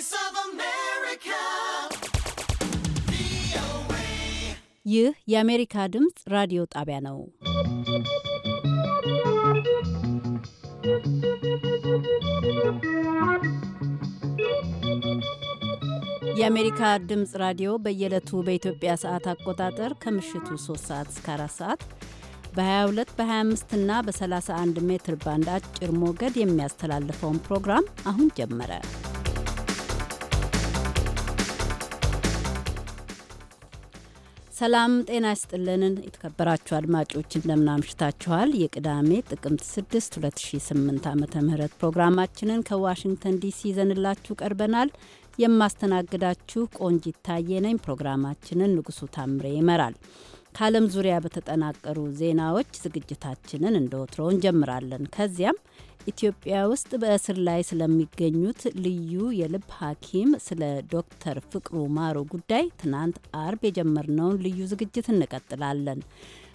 Voice of America. ይህ የአሜሪካ ድምፅ ራዲዮ ጣቢያ ነው። የአሜሪካ ድምፅ ራዲዮ በየዕለቱ በኢትዮጵያ ሰዓት አቆጣጠር ከምሽቱ 3 ሰዓት እስከ 4 ሰዓት በ22 በ25 እና በ31 ሜትር ባንድ አጭር ሞገድ የሚያስተላልፈውን ፕሮግራም አሁን ጀመረ። ሰላም ጤና ይስጥልንን የተከበራችሁ አድማጮች እንደምናምሽታችኋል። የቅዳሜ ጥቅምት 6 2008 ዓ ም ፕሮግራማችንን ከዋሽንግተን ዲሲ ይዘንላችሁ ቀርበናል። የማስተናግዳችሁ ቆንጅ ታየ ነኝ። ፕሮግራማችንን ንጉሱ ታምሬ ይመራል። ከዓለም ዙሪያ በተጠናቀሩ ዜናዎች ዝግጅታችንን እንደ ወትሮው እንጀምራለን። ከዚያም ኢትዮጵያ ውስጥ በእስር ላይ ስለሚገኙት ልዩ የልብ ሐኪም ስለ ዶክተር ፍቅሩ ማሮ ጉዳይ ትናንት አርብ የጀመርነውን ልዩ ዝግጅት እንቀጥላለን።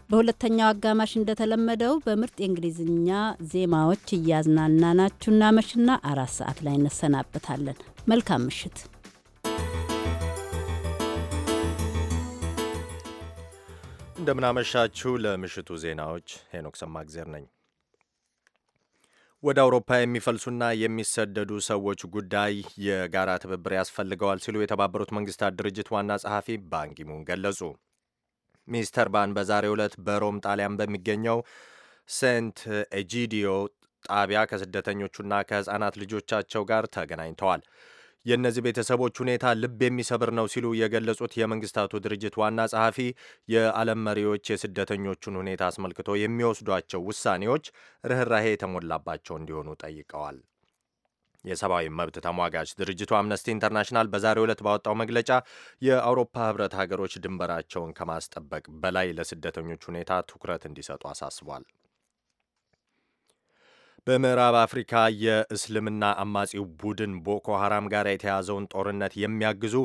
በሁለተኛው አጋማሽ እንደተለመደው በምርጥ የእንግሊዝኛ ዜማዎች እያዝናናናችሁ እናመሽና አራት ሰዓት ላይ እንሰናበታለን። መልካም ምሽት። እንደምናመሻችሁ። ለምሽቱ ዜናዎች ሄኖክ ሰማግዜር ነኝ። ወደ አውሮፓ የሚፈልሱና የሚሰደዱ ሰዎች ጉዳይ የጋራ ትብብር ያስፈልገዋል ሲሉ የተባበሩት መንግስታት ድርጅት ዋና ጸሐፊ ባንኪሙን ገለጹ። ሚስተር ባን በዛሬው ዕለት በሮም ጣሊያን በሚገኘው ሴንት ኤጂዲዮ ጣቢያ ከስደተኞቹና ከሕፃናት ልጆቻቸው ጋር ተገናኝተዋል። የእነዚህ ቤተሰቦች ሁኔታ ልብ የሚሰብር ነው ሲሉ የገለጹት የመንግስታቱ ድርጅት ዋና ጸሐፊ የዓለም መሪዎች የስደተኞቹን ሁኔታ አስመልክቶ የሚወስዷቸው ውሳኔዎች ርኅራሄ የተሞላባቸው እንዲሆኑ ጠይቀዋል። የሰብአዊ መብት ተሟጋች ድርጅቱ አምነስቲ ኢንተርናሽናል በዛሬው ዕለት ባወጣው መግለጫ የአውሮፓ ህብረት ሀገሮች ድንበራቸውን ከማስጠበቅ በላይ ለስደተኞች ሁኔታ ትኩረት እንዲሰጡ አሳስቧል። በምዕራብ አፍሪካ የእስልምና አማጺው ቡድን ቦኮ ሐራም ጋር የተያዘውን ጦርነት የሚያግዙ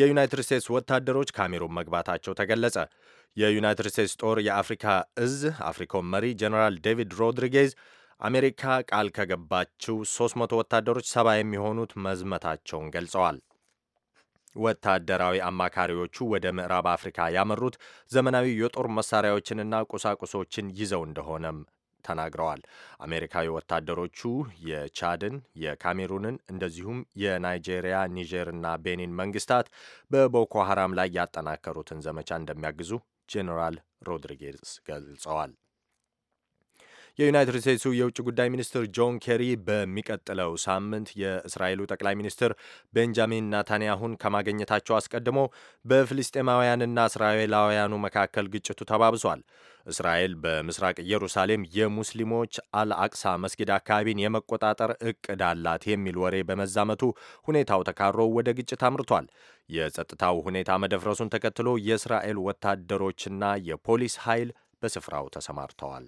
የዩናይትድ ስቴትስ ወታደሮች ካሜሩን መግባታቸው ተገለጸ። የዩናይትድ ስቴትስ ጦር የአፍሪካ እዝ አፍሪኮም መሪ ጀነራል ዴቪድ ሮድሪጌዝ አሜሪካ ቃል ከገባችው 300 ወታደሮች ሰባ የሚሆኑት መዝመታቸውን ገልጸዋል። ወታደራዊ አማካሪዎቹ ወደ ምዕራብ አፍሪካ ያመሩት ዘመናዊ የጦር መሳሪያዎችንና ቁሳቁሶችን ይዘው እንደሆነም ተናግረዋል። አሜሪካዊ ወታደሮቹ የቻድን፣ የካሜሩንን እንደዚሁም የናይጄሪያ፣ ኒጀርና ቤኒን መንግስታት በቦኮ ሀራም ላይ ያጠናከሩትን ዘመቻ እንደሚያግዙ ጄኔራል ሮድሪጌዝ ገልጸዋል። የዩናይትድ ስቴትሱ የውጭ ጉዳይ ሚኒስትር ጆን ኬሪ በሚቀጥለው ሳምንት የእስራኤሉ ጠቅላይ ሚኒስትር ቤንጃሚን ናታንያሁን ከማግኘታቸው አስቀድሞ በፍልስጤማውያንና እስራኤላውያኑ መካከል ግጭቱ ተባብሷል። እስራኤል በምስራቅ ኢየሩሳሌም የሙስሊሞች አልአቅሳ መስጊድ አካባቢን የመቆጣጠር እቅድ አላት የሚል ወሬ በመዛመቱ ሁኔታው ተካሮ ወደ ግጭት አምርቷል። የጸጥታው ሁኔታ መደፍረሱን ተከትሎ የእስራኤል ወታደሮችና የፖሊስ ኃይል በስፍራው ተሰማርተዋል።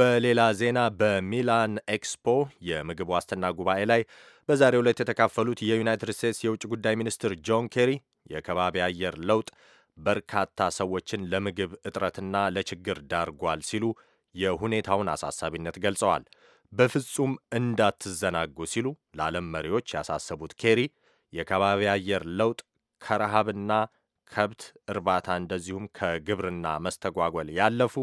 በሌላ ዜና በሚላን ኤክስፖ የምግብ ዋስትና ጉባኤ ላይ በዛሬው ዕለት የተካፈሉት የዩናይትድ ስቴትስ የውጭ ጉዳይ ሚኒስትር ጆን ኬሪ የከባቢ አየር ለውጥ በርካታ ሰዎችን ለምግብ እጥረትና ለችግር ዳርጓል ሲሉ የሁኔታውን አሳሳቢነት ገልጸዋል። በፍጹም እንዳትዘናጉ ሲሉ ለዓለም መሪዎች ያሳሰቡት ኬሪ የከባቢ አየር ለውጥ ከረሃብና ከብት እርባታ እንደዚሁም ከግብርና መስተጓጎል ያለፉ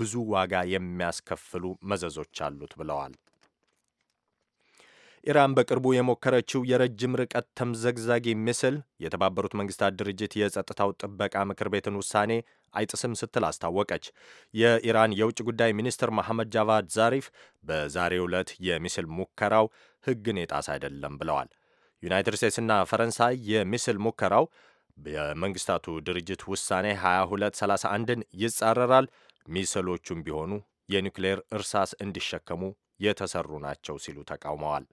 ብዙ ዋጋ የሚያስከፍሉ መዘዞች አሉት ብለዋል። ኢራን በቅርቡ የሞከረችው የረጅም ርቀት ተምዘግዛጊ ምስል የተባበሩት መንግስታት ድርጅት የጸጥታው ጥበቃ ምክር ቤትን ውሳኔ አይጥስም ስትል አስታወቀች። የኢራን የውጭ ጉዳይ ሚኒስትር መሐመድ ጃቫድ ዛሪፍ በዛሬው ዕለት የሚስል ሙከራው ሕግን የጣስ አይደለም ብለዋል። ዩናይትድ ስቴትስና ፈረንሳይ የሚስል ሙከራው የመንግስታቱ ድርጅት ውሳኔ 2231ን ይጻረራል ሚስሎቹም ቢሆኑ የኒውክሌር እርሳስ እንዲሸከሙ የተሰሩ ናቸው ሲሉ ተቃውመዋል።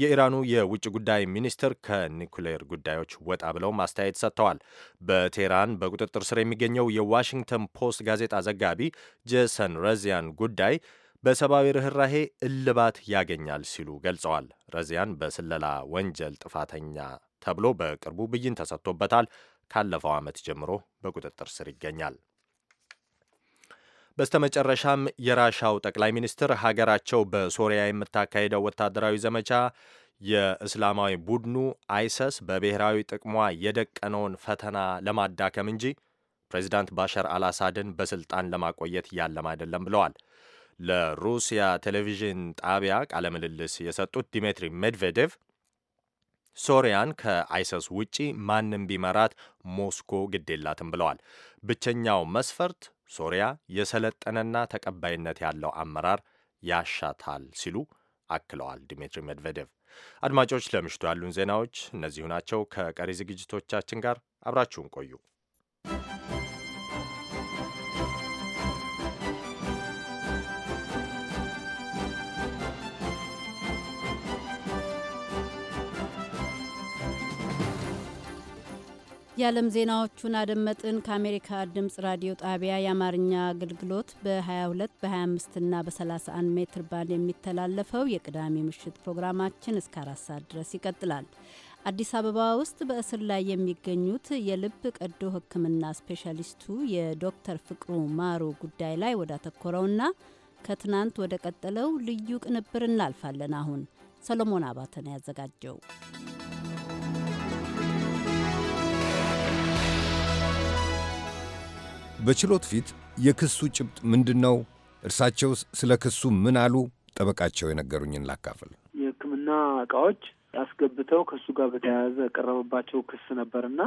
የኢራኑ የውጭ ጉዳይ ሚኒስትር ከኒኩሌር ጉዳዮች ወጣ ብለው ማስተያየት ሰጥተዋል። በቴህራን በቁጥጥር ስር የሚገኘው የዋሽንግተን ፖስት ጋዜጣ ዘጋቢ ጄሰን ረዚያን ጉዳይ በሰብአዊ ርኅራሄ እልባት ያገኛል ሲሉ ገልጸዋል። ረዚያን በስለላ ወንጀል ጥፋተኛ ተብሎ በቅርቡ ብይን ተሰጥቶበታል። ካለፈው ዓመት ጀምሮ በቁጥጥር ስር ይገኛል። በስተመጨረሻም የራሻው ጠቅላይ ሚኒስትር ሀገራቸው በሶሪያ የምታካሄደው ወታደራዊ ዘመቻ የእስላማዊ ቡድኑ አይሰስ በብሔራዊ ጥቅሟ የደቀነውን ፈተና ለማዳከም እንጂ ፕሬዚዳንት ባሻር አልአሳድን በስልጣን ለማቆየት ያለም አይደለም ብለዋል። ለሩሲያ ቴሌቪዥን ጣቢያ ቃለ ምልልስ የሰጡት ዲሜትሪ ሜድቬዴቭ ሶሪያን ከአይሰስ ውጪ ማንም ቢመራት ሞስኮ ግድ የላትም ብለዋል። ብቸኛው መስፈርት ሶሪያ የሰለጠነና ተቀባይነት ያለው አመራር ያሻታል ሲሉ አክለዋል ዲሚትሪ ሜድቬዴቭ። አድማጮች ለምሽቱ ያሉን ዜናዎች እነዚሁ ናቸው። ከቀሪ ዝግጅቶቻችን ጋር አብራችሁን ቆዩ። የዓለም ዜናዎቹን አደመጥን። ከአሜሪካ ድምፅ ራዲዮ ጣቢያ የአማርኛ አገልግሎት በ22 በ25 እና በ31 ሜትር ባንድ የሚተላለፈው የቅዳሜ ምሽት ፕሮግራማችን እስከ አራት ሰዓት ድረስ ይቀጥላል። አዲስ አበባ ውስጥ በእስር ላይ የሚገኙት የልብ ቀዶ ሕክምና ስፔሻሊስቱ የዶክተር ፍቅሩ ማሩ ጉዳይ ላይ ወዳተኮረውና ከትናንት ወደ ቀጠለው ልዩ ቅንብር እናልፋለን። አሁን ሰሎሞን አባተ ነው ያዘጋጀው። በችሎት ፊት የክሱ ጭብጥ ምንድን ነው? እርሳቸውስ ስለ ክሱ ምን አሉ? ጠበቃቸው የነገሩኝን ላካፍል። የሕክምና እቃዎች አስገብተው ከሱ ጋር በተያያዘ የቀረበባቸው ክስ ነበርና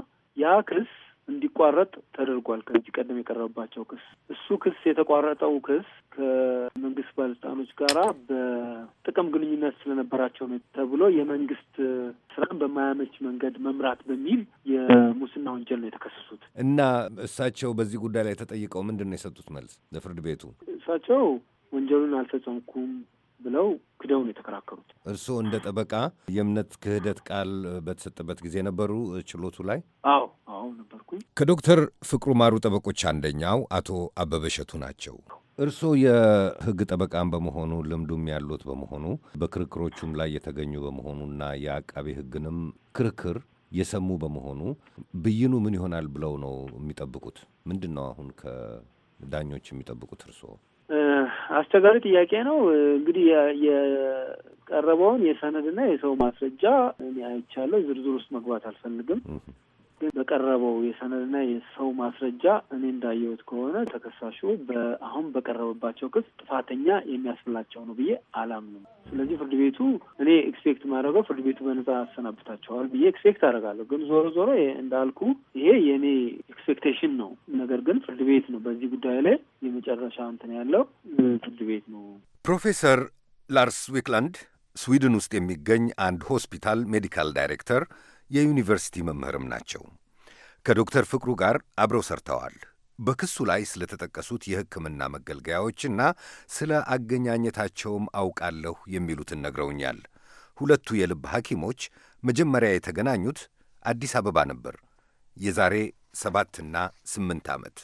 ያ ክስ እንዲቋረጥ ተደርጓል። ከዚህ ቀደም የቀረበባቸው ክስ እሱ ክስ የተቋረጠው ክስ ከመንግስት ባለስልጣኖች ጋር በጥቅም ግንኙነት ስለነበራቸው ነው ተብሎ የመንግስት ስራን በማያመች መንገድ መምራት በሚል የሙስና ወንጀል ነው የተከሰሱት እና እሳቸው በዚህ ጉዳይ ላይ ተጠይቀው ምንድን ነው የሰጡት መልስ ለፍርድ ቤቱ? እሳቸው ወንጀሉን አልፈጸምኩም ብለው ክደውን የተከራከሩት። እርስዎ እንደ ጠበቃ የእምነት ክህደት ቃል በተሰጠበት ጊዜ ነበሩ ችሎቱ ላይ? አዎ አዎ ነበርኩኝ። ከዶክተር ፍቅሩ ማሩ ጠበቆች አንደኛው አቶ አበበ ናቸው። እርስዎ የህግ ጠበቃም በመሆኑ ልምዱም ያሉት በመሆኑ በክርክሮቹም ላይ የተገኙ በመሆኑና የአቃቤ ህግንም ክርክር የሰሙ በመሆኑ ብይኑ ምን ይሆናል ብለው ነው የሚጠብቁት? ምንድን ነው አሁን ከዳኞች የሚጠብቁት እርስዎ? አስቸጋሪ ጥያቄ ነው። እንግዲህ የቀረበውን የሰነድና የሰው ማስረጃ አይቻለሁ። ዝርዝር ውስጥ መግባት አልፈልግም። ግን በቀረበው የሰነድና የሰው ማስረጃ እኔ እንዳየሁት ከሆነ ተከሳሹ አሁን በቀረበባቸው ክስ ጥፋተኛ የሚያስብላቸው ነው ብዬ አላምንም። ስለዚህ ፍርድ ቤቱ እኔ ኤክስፔክት ማድረገው ፍርድ ቤቱ በነጻ ያሰናብታቸዋል ብዬ ኤክስፔክት አደርጋለሁ። ግን ዞሮ ዞሮ እንዳልኩ ይሄ የእኔ ኤክስፔክቴሽን ነው። ነገር ግን ፍርድ ቤት ነው በዚህ ጉዳይ ላይ የመጨረሻ እንትን ያለው ፍርድ ቤት ነው። ፕሮፌሰር ላርስ ዊክላንድ ስዊድን ውስጥ የሚገኝ አንድ ሆስፒታል ሜዲካል ዳይሬክተር የዩኒቨርሲቲ መምህርም ናቸው። ከዶክተር ፍቅሩ ጋር አብረው ሰርተዋል። በክሱ ላይ ስለተጠቀሱት የሕክምና መገልገያዎችና ስለ አገኛኘታቸውም አውቃለሁ የሚሉትን ነግረውኛል። ሁለቱ የልብ ሐኪሞች መጀመሪያ የተገናኙት አዲስ አበባ ነበር። የዛሬ ሰባትና ስምንት ዓመት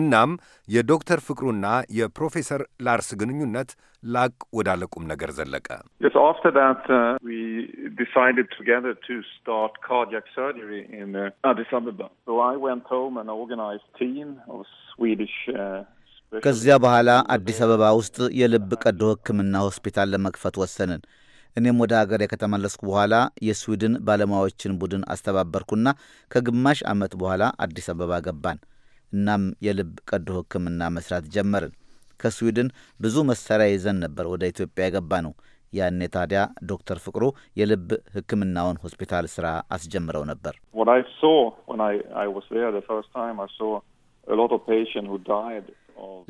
እናም የዶክተር ፍቅሩና የፕሮፌሰር ላርስ ግንኙነት ላቅ ወዳለቁም ነገር ዘለቀ። uh, uh, uh, ከዚያ በኋላ አዲስ አበባ ውስጥ የልብ ቀዶ ሕክምና ሆስፒታል ለመክፈት ወሰንን። እኔም ወደ አገሬ ከተመለስኩ በኋላ የስዊድን ባለሙያዎችን ቡድን አስተባበርኩና ከግማሽ ዓመት በኋላ አዲስ አበባ ገባን። እናም የልብ ቀዶ ሕክምና መስራት ጀመርን። ከስዊድን ብዙ መሳሪያ ይዘን ነበር ወደ ኢትዮጵያ የገባ ነው። ያኔ ታዲያ ዶክተር ፍቅሩ የልብ ሕክምናውን ሆስፒታል ስራ አስጀምረው ነበር።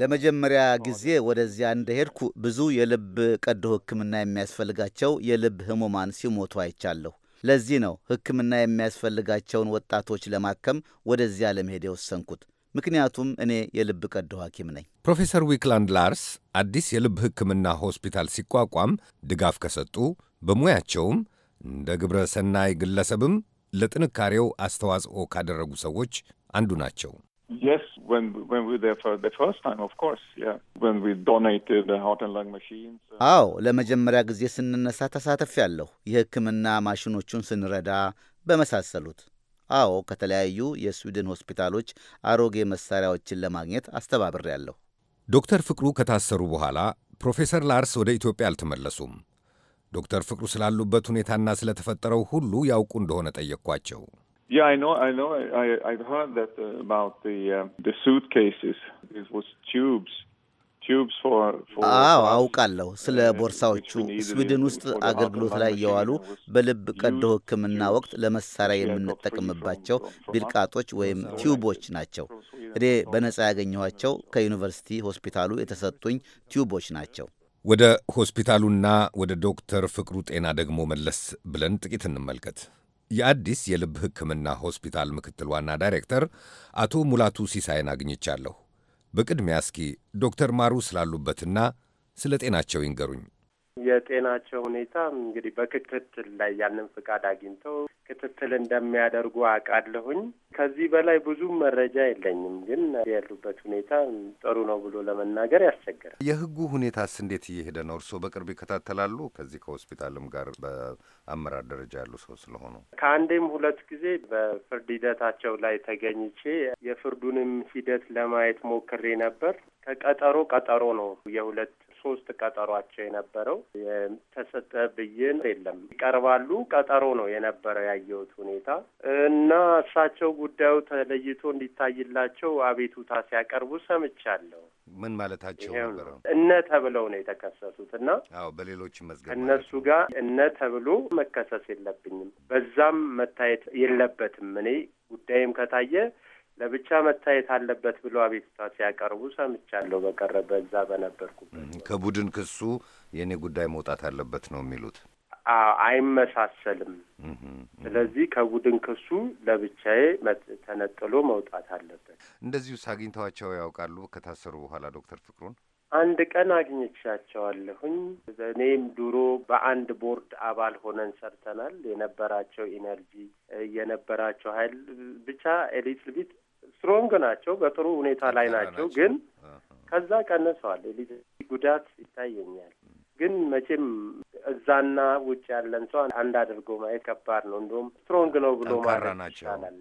ለመጀመሪያ ጊዜ ወደዚያ እንደሄድኩ ብዙ የልብ ቀዶ ሕክምና የሚያስፈልጋቸው የልብ ህሙማን ሲሞቱ አይቻለሁ። ለዚህ ነው ሕክምና የሚያስፈልጋቸውን ወጣቶች ለማከም ወደዚያ ለመሄድ የወሰንኩት። ምክንያቱም እኔ የልብ ቀዶ ሐኪም ነኝ። ፕሮፌሰር ዊክላንድ ላርስ አዲስ የልብ ሕክምና ሆስፒታል ሲቋቋም ድጋፍ ከሰጡ በሙያቸውም እንደ ግብረ ሰናይ ግለሰብም ለጥንካሬው አስተዋጽኦ ካደረጉ ሰዎች አንዱ ናቸው። አዎ ለመጀመሪያ ጊዜ ስንነሳ ተሳተፊያለሁ። የሕክምና ማሽኖቹን ስንረዳ በመሳሰሉት። አዎ ከተለያዩ የስዊድን ሆስፒታሎች አሮጌ መሳሪያዎችን ለማግኘት አስተባብሬያለሁ። ዶክተር ፍቅሩ ከታሰሩ በኋላ ፕሮፌሰር ላርስ ወደ ኢትዮጵያ አልተመለሱም። ዶክተር ፍቅሩ ስላሉበት ሁኔታና ስለተፈጠረው ሁሉ ያውቁ እንደሆነ ጠየቅኳቸው። Yeah, I know. I know. I, I've heard that uh, about the uh, the suitcases. It was tubes. አዎ ah, አውቃለሁ። uh, ስለ ቦርሳዎቹ ስዊድን ውስጥ አገልግሎት ላይ የዋሉ በልብ ቀዶ ሕክምና ወቅት ለመሳሪያ የምንጠቀምባቸው ቢልቃጦች ወይም uh, ቲዩቦች ናቸው። እኔ በነጻ ያገኘኋቸው ከዩኒቨርሲቲ ሆስፒታሉ የተሰጡኝ ቲዩቦች ናቸው። ወደ ሆስፒታሉና ወደ ዶክተር ፍቅሩ ጤና ደግሞ መለስ ብለን ጥቂት እንመልከት። የአዲስ የልብ ሕክምና ሆስፒታል ምክትል ዋና ዳይሬክተር አቶ ሙላቱ ሲሳይን አግኝቻለሁ። በቅድሚያ እስኪ ዶክተር ማሩ ስላሉበትና ስለ ጤናቸው ይንገሩኝ። የጤናቸው ሁኔታ እንግዲህ በክትትል ላይ ያንን ፍቃድ አግኝተው ክትትል እንደሚያደርጉ አውቃለሁኝ። ከዚህ በላይ ብዙ መረጃ የለኝም፣ ግን ያሉበት ሁኔታ ጥሩ ነው ብሎ ለመናገር ያስቸግራል። የህጉ ሁኔታስ እንዴት እየሄደ ነው? እርስዎ በቅርብ ይከታተላሉ። ከዚህ ከሆስፒታልም ጋር በአመራር ደረጃ ያሉ ሰው ስለሆኑ ከአንዴም ሁለት ጊዜ በፍርድ ሂደታቸው ላይ ተገኝቼ የፍርዱንም ሂደት ለማየት ሞክሬ ነበር። ከቀጠሮ ቀጠሮ ነው የሁለት ሶስት ቀጠሯቸው የነበረው የተሰጠ ብይን የለም ይቀርባሉ ቀጠሮ ነው የነበረው ያየሁት ሁኔታ እና እሳቸው ጉዳዩ ተለይቶ እንዲታይላቸው አቤቱታ ሲያቀርቡ ሰምቻለሁ። ምን ማለታቸው ነበረው? እነ ተብለው ነው የተከሰሱት እና አዎ፣ በሌሎች መዝገብ እነሱ ጋር እነ ተብሎ መከሰስ የለብኝም፣ በዛም መታየት የለበትም እኔ ጉዳይም ከታየ ለብቻ መታየት አለበት ብሎ አቤቱታ ሲያቀርቡ ሰምቻለሁ። በቀረ በዛ በነበርኩበት ከቡድን ክሱ የእኔ ጉዳይ መውጣት አለበት ነው የሚሉት። አይመሳሰልም። ስለዚህ ከቡድን ክሱ ለብቻዬ ተነጥሎ መውጣት አለበት። እንደዚሁ አግኝተዋቸው ያውቃሉ? ከታሰሩ በኋላ ዶክተር ፍቅሩን አንድ ቀን አግኝቻቸዋለሁኝ። እኔም ድሮ በአንድ ቦርድ አባል ሆነን ሰርተናል። የነበራቸው ኢነርጂ የነበራቸው ኃይል ብቻ ኤሊት ስትሮንግ ናቸው፣ በጥሩ ሁኔታ ላይ ናቸው። ግን ከዛ ቀንሰዋል። የልጅ ጉዳት ይታየኛል። ግን መቼም እዛና ውጭ ያለን ሰው አንድ አድርጎ ማየት ከባድ ነው። እንዲሁም ስትሮንግ ነው ብሎ ማለት ይቻላል።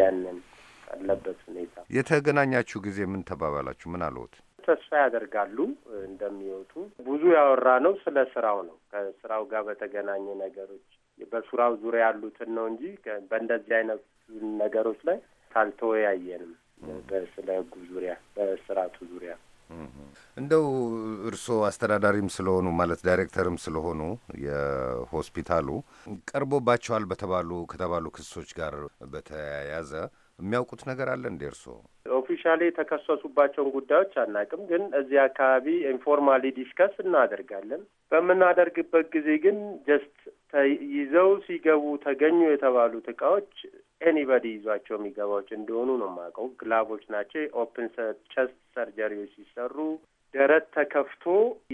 ያንን አለበት ሁኔታ የተገናኛችሁ ጊዜ ምን ተባባላችሁ? ምን አለሁት? ተስፋ ያደርጋሉ እንደሚወጡ። ብዙ ያወራ ነው ስለ ስራው ነው ከስራው ጋር በተገናኘ ነገሮች በሱራው ዙሪያ ያሉትን ነው እንጂ በእንደዚህ አይነት ነገሮች ላይ አልተወያየንም ስለ ህጉ ዙሪያ በስርዓቱ ዙሪያ እንደው እርስዎ አስተዳዳሪም ስለሆኑ ማለት ዳይሬክተርም ስለሆኑ የሆስፒታሉ ቀርቦባቸዋል በተባሉ ከተባሉ ክሶች ጋር በተያያዘ የሚያውቁት ነገር አለ እንዴ እርስዎ? ኦፊሻሊ የተከሰሱባቸውን ጉዳዮች አናውቅም፣ ግን እዚህ አካባቢ ኢንፎርማሊ ዲስከስ እናደርጋለን። በምናደርግበት ጊዜ ግን ጀስት ይዘው ሲገቡ ተገኙ የተባሉት እቃዎች ኤኒበዲ ይዟቸው የሚገባዎች እንደሆኑ ነው የማውቀው። ግላቦች ናቸው። ኦፕን ቸስት ሰርጀሪዎች ሲሰሩ ደረት ተከፍቶ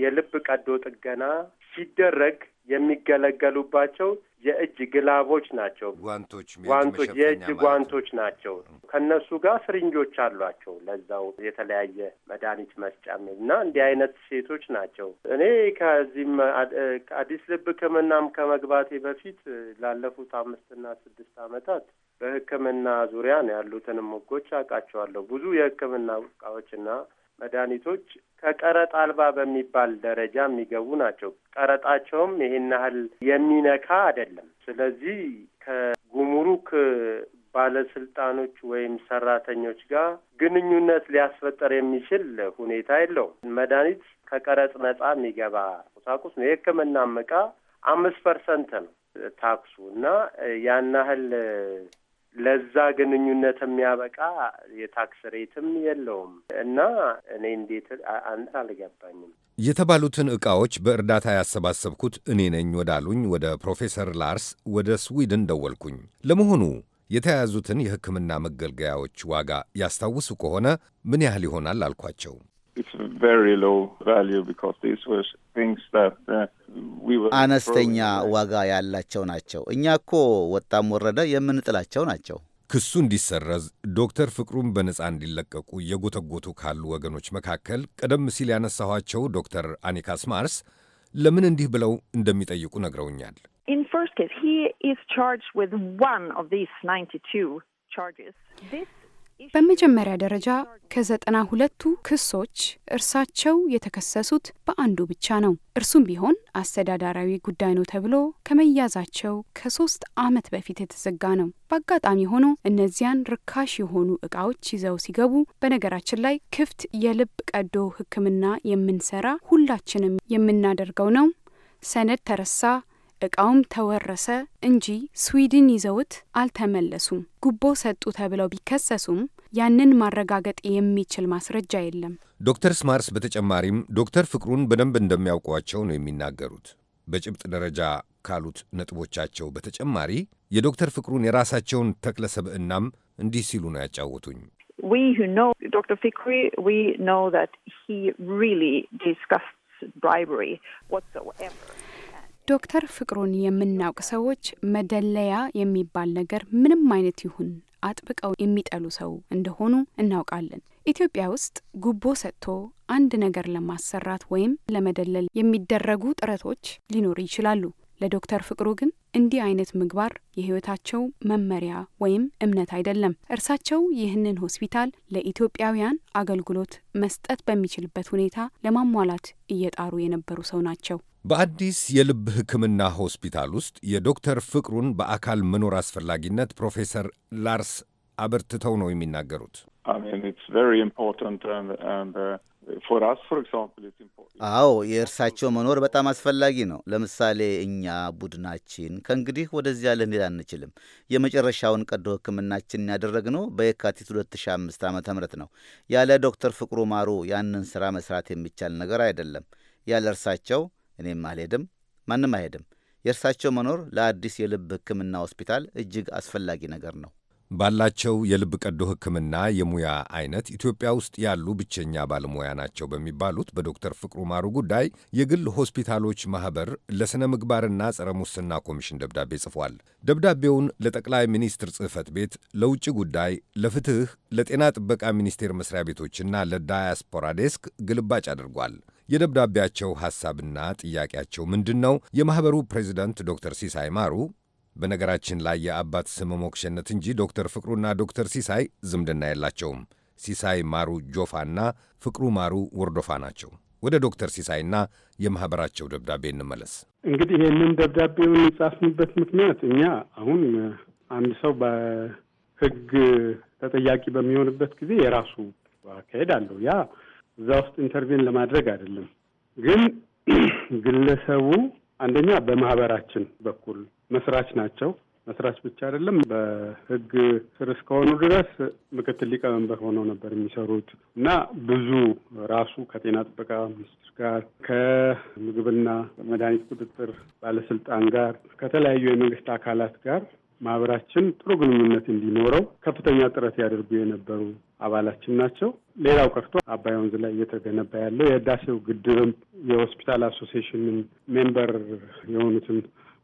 የልብ ቀዶ ጥገና ሲደረግ የሚገለገሉባቸው የእጅ ግላቦች ናቸው። ጓንቶች ጓንቶች የእጅ ጓንቶች ናቸው። ከእነሱ ጋር ፍሪንጆች አሏቸው ለዛው የተለያየ መድኃኒት መስጫም እና እንዲህ አይነት ሴቶች ናቸው። እኔ ከዚህም አዲስ ልብ ሕክምናም ከመግባቴ በፊት ላለፉት አምስትና ስድስት ዓመታት በሕክምና ዙሪያ ያሉትንም ሕጎች አውቃቸዋለሁ። ብዙ የሕክምና እቃዎችና መድኃኒቶች ከቀረጥ አልባ በሚባል ደረጃ የሚገቡ ናቸው። ቀረጣቸውም ይሄን ያህል የሚነካ አይደለም። ስለዚህ ከጉምሩክ ባለስልጣኖች ወይም ሰራተኞች ጋር ግንኙነት ሊያስፈጠር የሚችል ሁኔታ የለውም። መድኃኒት ከቀረጥ ነጻ የሚገባ ቁሳቁስ ነው። የሕክምናም እቃ አምስት ፐርሰንት ነው ታክሱ እና ያን ያህል ለዛ ግንኙነት የሚያበቃ የታክስ ሬትም የለውም እና እኔ እንዴት አንድ አልገባኝም። የተባሉትን ዕቃዎች በእርዳታ ያሰባሰብኩት እኔ ነኝ ወዳሉኝ ወደ ፕሮፌሰር ላርስ ወደ ስዊድን ደወልኩኝ። ለመሆኑ የተያያዙትን የሕክምና መገልገያዎች ዋጋ ያስታውሱ ከሆነ ምን ያህል ይሆናል አልኳቸው። Uh, አነስተኛ ዋጋ ያላቸው ናቸው። እኛ እኮ ወጣም ወረደ የምንጥላቸው ናቸው። ክሱ እንዲሰረዝ ዶክተር ፍቅሩም በነፃ እንዲለቀቁ የጎተጎቱ ካሉ ወገኖች መካከል ቀደም ሲል ያነሳኋቸው ዶክተር አኒካስ ማርስ ለምን እንዲህ ብለው እንደሚጠይቁ ነግረውኛል። ስ በመጀመሪያ ደረጃ ከዘጠና ሁለቱ ክሶች እርሳቸው የተከሰሱት በአንዱ ብቻ ነው። እርሱም ቢሆን አስተዳዳራዊ ጉዳይ ነው ተብሎ ከመያዛቸው ከሶስት ዓመት በፊት የተዘጋ ነው። በአጋጣሚ ሆኖ እነዚያን ርካሽ የሆኑ እቃዎች ይዘው ሲገቡ፣ በነገራችን ላይ ክፍት የልብ ቀዶ ሕክምና የምንሰራ ሁላችንም የምናደርገው ነው። ሰነድ ተረሳ እቃውም ተወረሰ እንጂ ስዊድን ይዘውት አልተመለሱም። ጉቦ ሰጡ ተብለው ቢከሰሱም ያንን ማረጋገጥ የሚችል ማስረጃ የለም። ዶክተር ስማርስ በተጨማሪም ዶክተር ፍቅሩን በደንብ እንደሚያውቋቸው ነው የሚናገሩት። በጭብጥ ደረጃ ካሉት ነጥቦቻቸው በተጨማሪ የዶክተር ፍቅሩን የራሳቸውን ተክለ ሰብዕናም እንዲህ ሲሉ ነው ያጫወቱኝ። ዶክተር ፍቅሪ ዊ ሂ ሪሊ ዶክተር ፍቅሩን የምናውቅ ሰዎች መደለያ የሚባል ነገር ምንም አይነት ይሁን አጥብቀው የሚጠሉ ሰው እንደሆኑ እናውቃለን። ኢትዮጵያ ውስጥ ጉቦ ሰጥቶ አንድ ነገር ለማሰራት ወይም ለመደለል የሚደረጉ ጥረቶች ሊኖሩ ይችላሉ። ለዶክተር ፍቅሩ ግን እንዲህ አይነት ምግባር የህይወታቸው መመሪያ ወይም እምነት አይደለም። እርሳቸው ይህንን ሆስፒታል ለኢትዮጵያውያን አገልግሎት መስጠት በሚችልበት ሁኔታ ለማሟላት እየጣሩ የነበሩ ሰው ናቸው። በአዲስ የልብ ሕክምና ሆስፒታል ውስጥ የዶክተር ፍቅሩን በአካል መኖር አስፈላጊነት ፕሮፌሰር ላርስ አበርትተው ነው የሚናገሩት። uh, አዎ የእርሳቸው መኖር በጣም አስፈላጊ ነው። ለምሳሌ እኛ ቡድናችን ከእንግዲህ ወደዚያ ልንሄድ አንችልም። የመጨረሻውን ቀዶ ሕክምናችንን ያደረግነው በየካቲት 2005 ዓ ም ነው። ያለ ዶክተር ፍቅሩ ማሩ ያንን ሥራ መሥራት የሚቻል ነገር አይደለም። ያለ እርሳቸው እኔም አልሄድም፣ ማንም አይሄድም። የእርሳቸው መኖር ለአዲስ የልብ ሕክምና ሆስፒታል እጅግ አስፈላጊ ነገር ነው። ባላቸው የልብ ቀዶ ሕክምና የሙያ አይነት ኢትዮጵያ ውስጥ ያሉ ብቸኛ ባለሙያ ናቸው በሚባሉት በዶክተር ፍቅሩ ማሩ ጉዳይ የግል ሆስፒታሎች ማኅበር ለሥነ ምግባርና ጸረ ሙስና ኮሚሽን ደብዳቤ ጽፏል። ደብዳቤውን ለጠቅላይ ሚኒስትር ጽሕፈት ቤት፣ ለውጭ ጉዳይ፣ ለፍትሕ፣ ለጤና ጥበቃ ሚኒስቴር መስሪያ ቤቶችና ለዳያስፖራ ዴስክ ግልባጭ አድርጓል። የደብዳቤያቸው ሐሳብና ጥያቄያቸው ምንድን ነው? የማኅበሩ ፕሬዚደንት ዶክተር ሲሳይ ማሩ በነገራችን ላይ የአባት ስም ሞክሸነት እንጂ ዶክተር ፍቅሩና ዶክተር ሲሳይ ዝምድና የላቸውም። ሲሳይ ማሩ ጆፋና ፍቅሩ ማሩ ወርዶፋ ናቸው። ወደ ዶክተር ሲሳይና የማኅበራቸው ደብዳቤ እንመለስ። እንግዲህ ይህንን ደብዳቤውን የጻፍንበት ምክንያት እኛ አሁን አንድ ሰው በሕግ ተጠያቂ በሚሆንበት ጊዜ የራሱ አካሄድ አለው። ያ እዛ ውስጥ ኢንተርቪን ለማድረግ አይደለም። ግን ግለሰቡ አንደኛ በማህበራችን በኩል መስራች ናቸው። መስራች ብቻ አይደለም፣ በህግ ስር እስከሆኑ ድረስ ምክትል ሊቀመንበር ሆነው ነበር የሚሰሩት እና ብዙ ራሱ ከጤና ጥበቃ ሚኒስትር ጋር ከምግብና መድኃኒት ቁጥጥር ባለስልጣን ጋር ከተለያዩ የመንግስት አካላት ጋር ማህበራችን ጥሩ ግንኙነት እንዲኖረው ከፍተኛ ጥረት ያደርጉ የነበሩ አባላችን ናቸው። ሌላው ቀርቶ አባይ ወንዝ ላይ እየተገነባ ያለው የህዳሴው ግድብም የሆስፒታል አሶሲሽንን ሜምበር የሆኑትን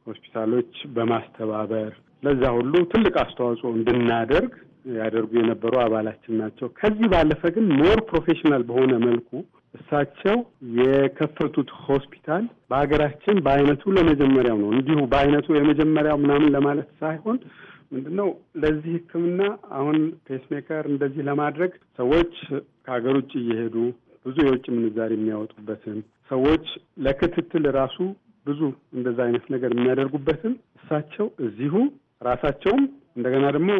ሆስፒታሎች በማስተባበር ለዛ ሁሉ ትልቅ አስተዋጽኦ እንድናደርግ ያደርጉ የነበሩ አባላችን ናቸው። ከዚህ ባለፈ ግን ሞር ፕሮፌሽናል በሆነ መልኩ እሳቸው የከፈቱት ሆስፒታል በሀገራችን በአይነቱ ለመጀመሪያው ነው። እንዲሁ በአይነቱ የመጀመሪያው ምናምን ለማለት ሳይሆን ምንድን ነው ለዚህ ሕክምና አሁን ፔስሜከር እንደዚህ ለማድረግ ሰዎች ከሀገር ውጭ እየሄዱ ብዙ የውጭ ምንዛሪ የሚያወጡበትን ሰዎች ለክትትል ራሱ ብዙ እንደዛ አይነት ነገር የሚያደርጉበትን እሳቸው እዚሁ ራሳቸውም እንደገና ደግሞ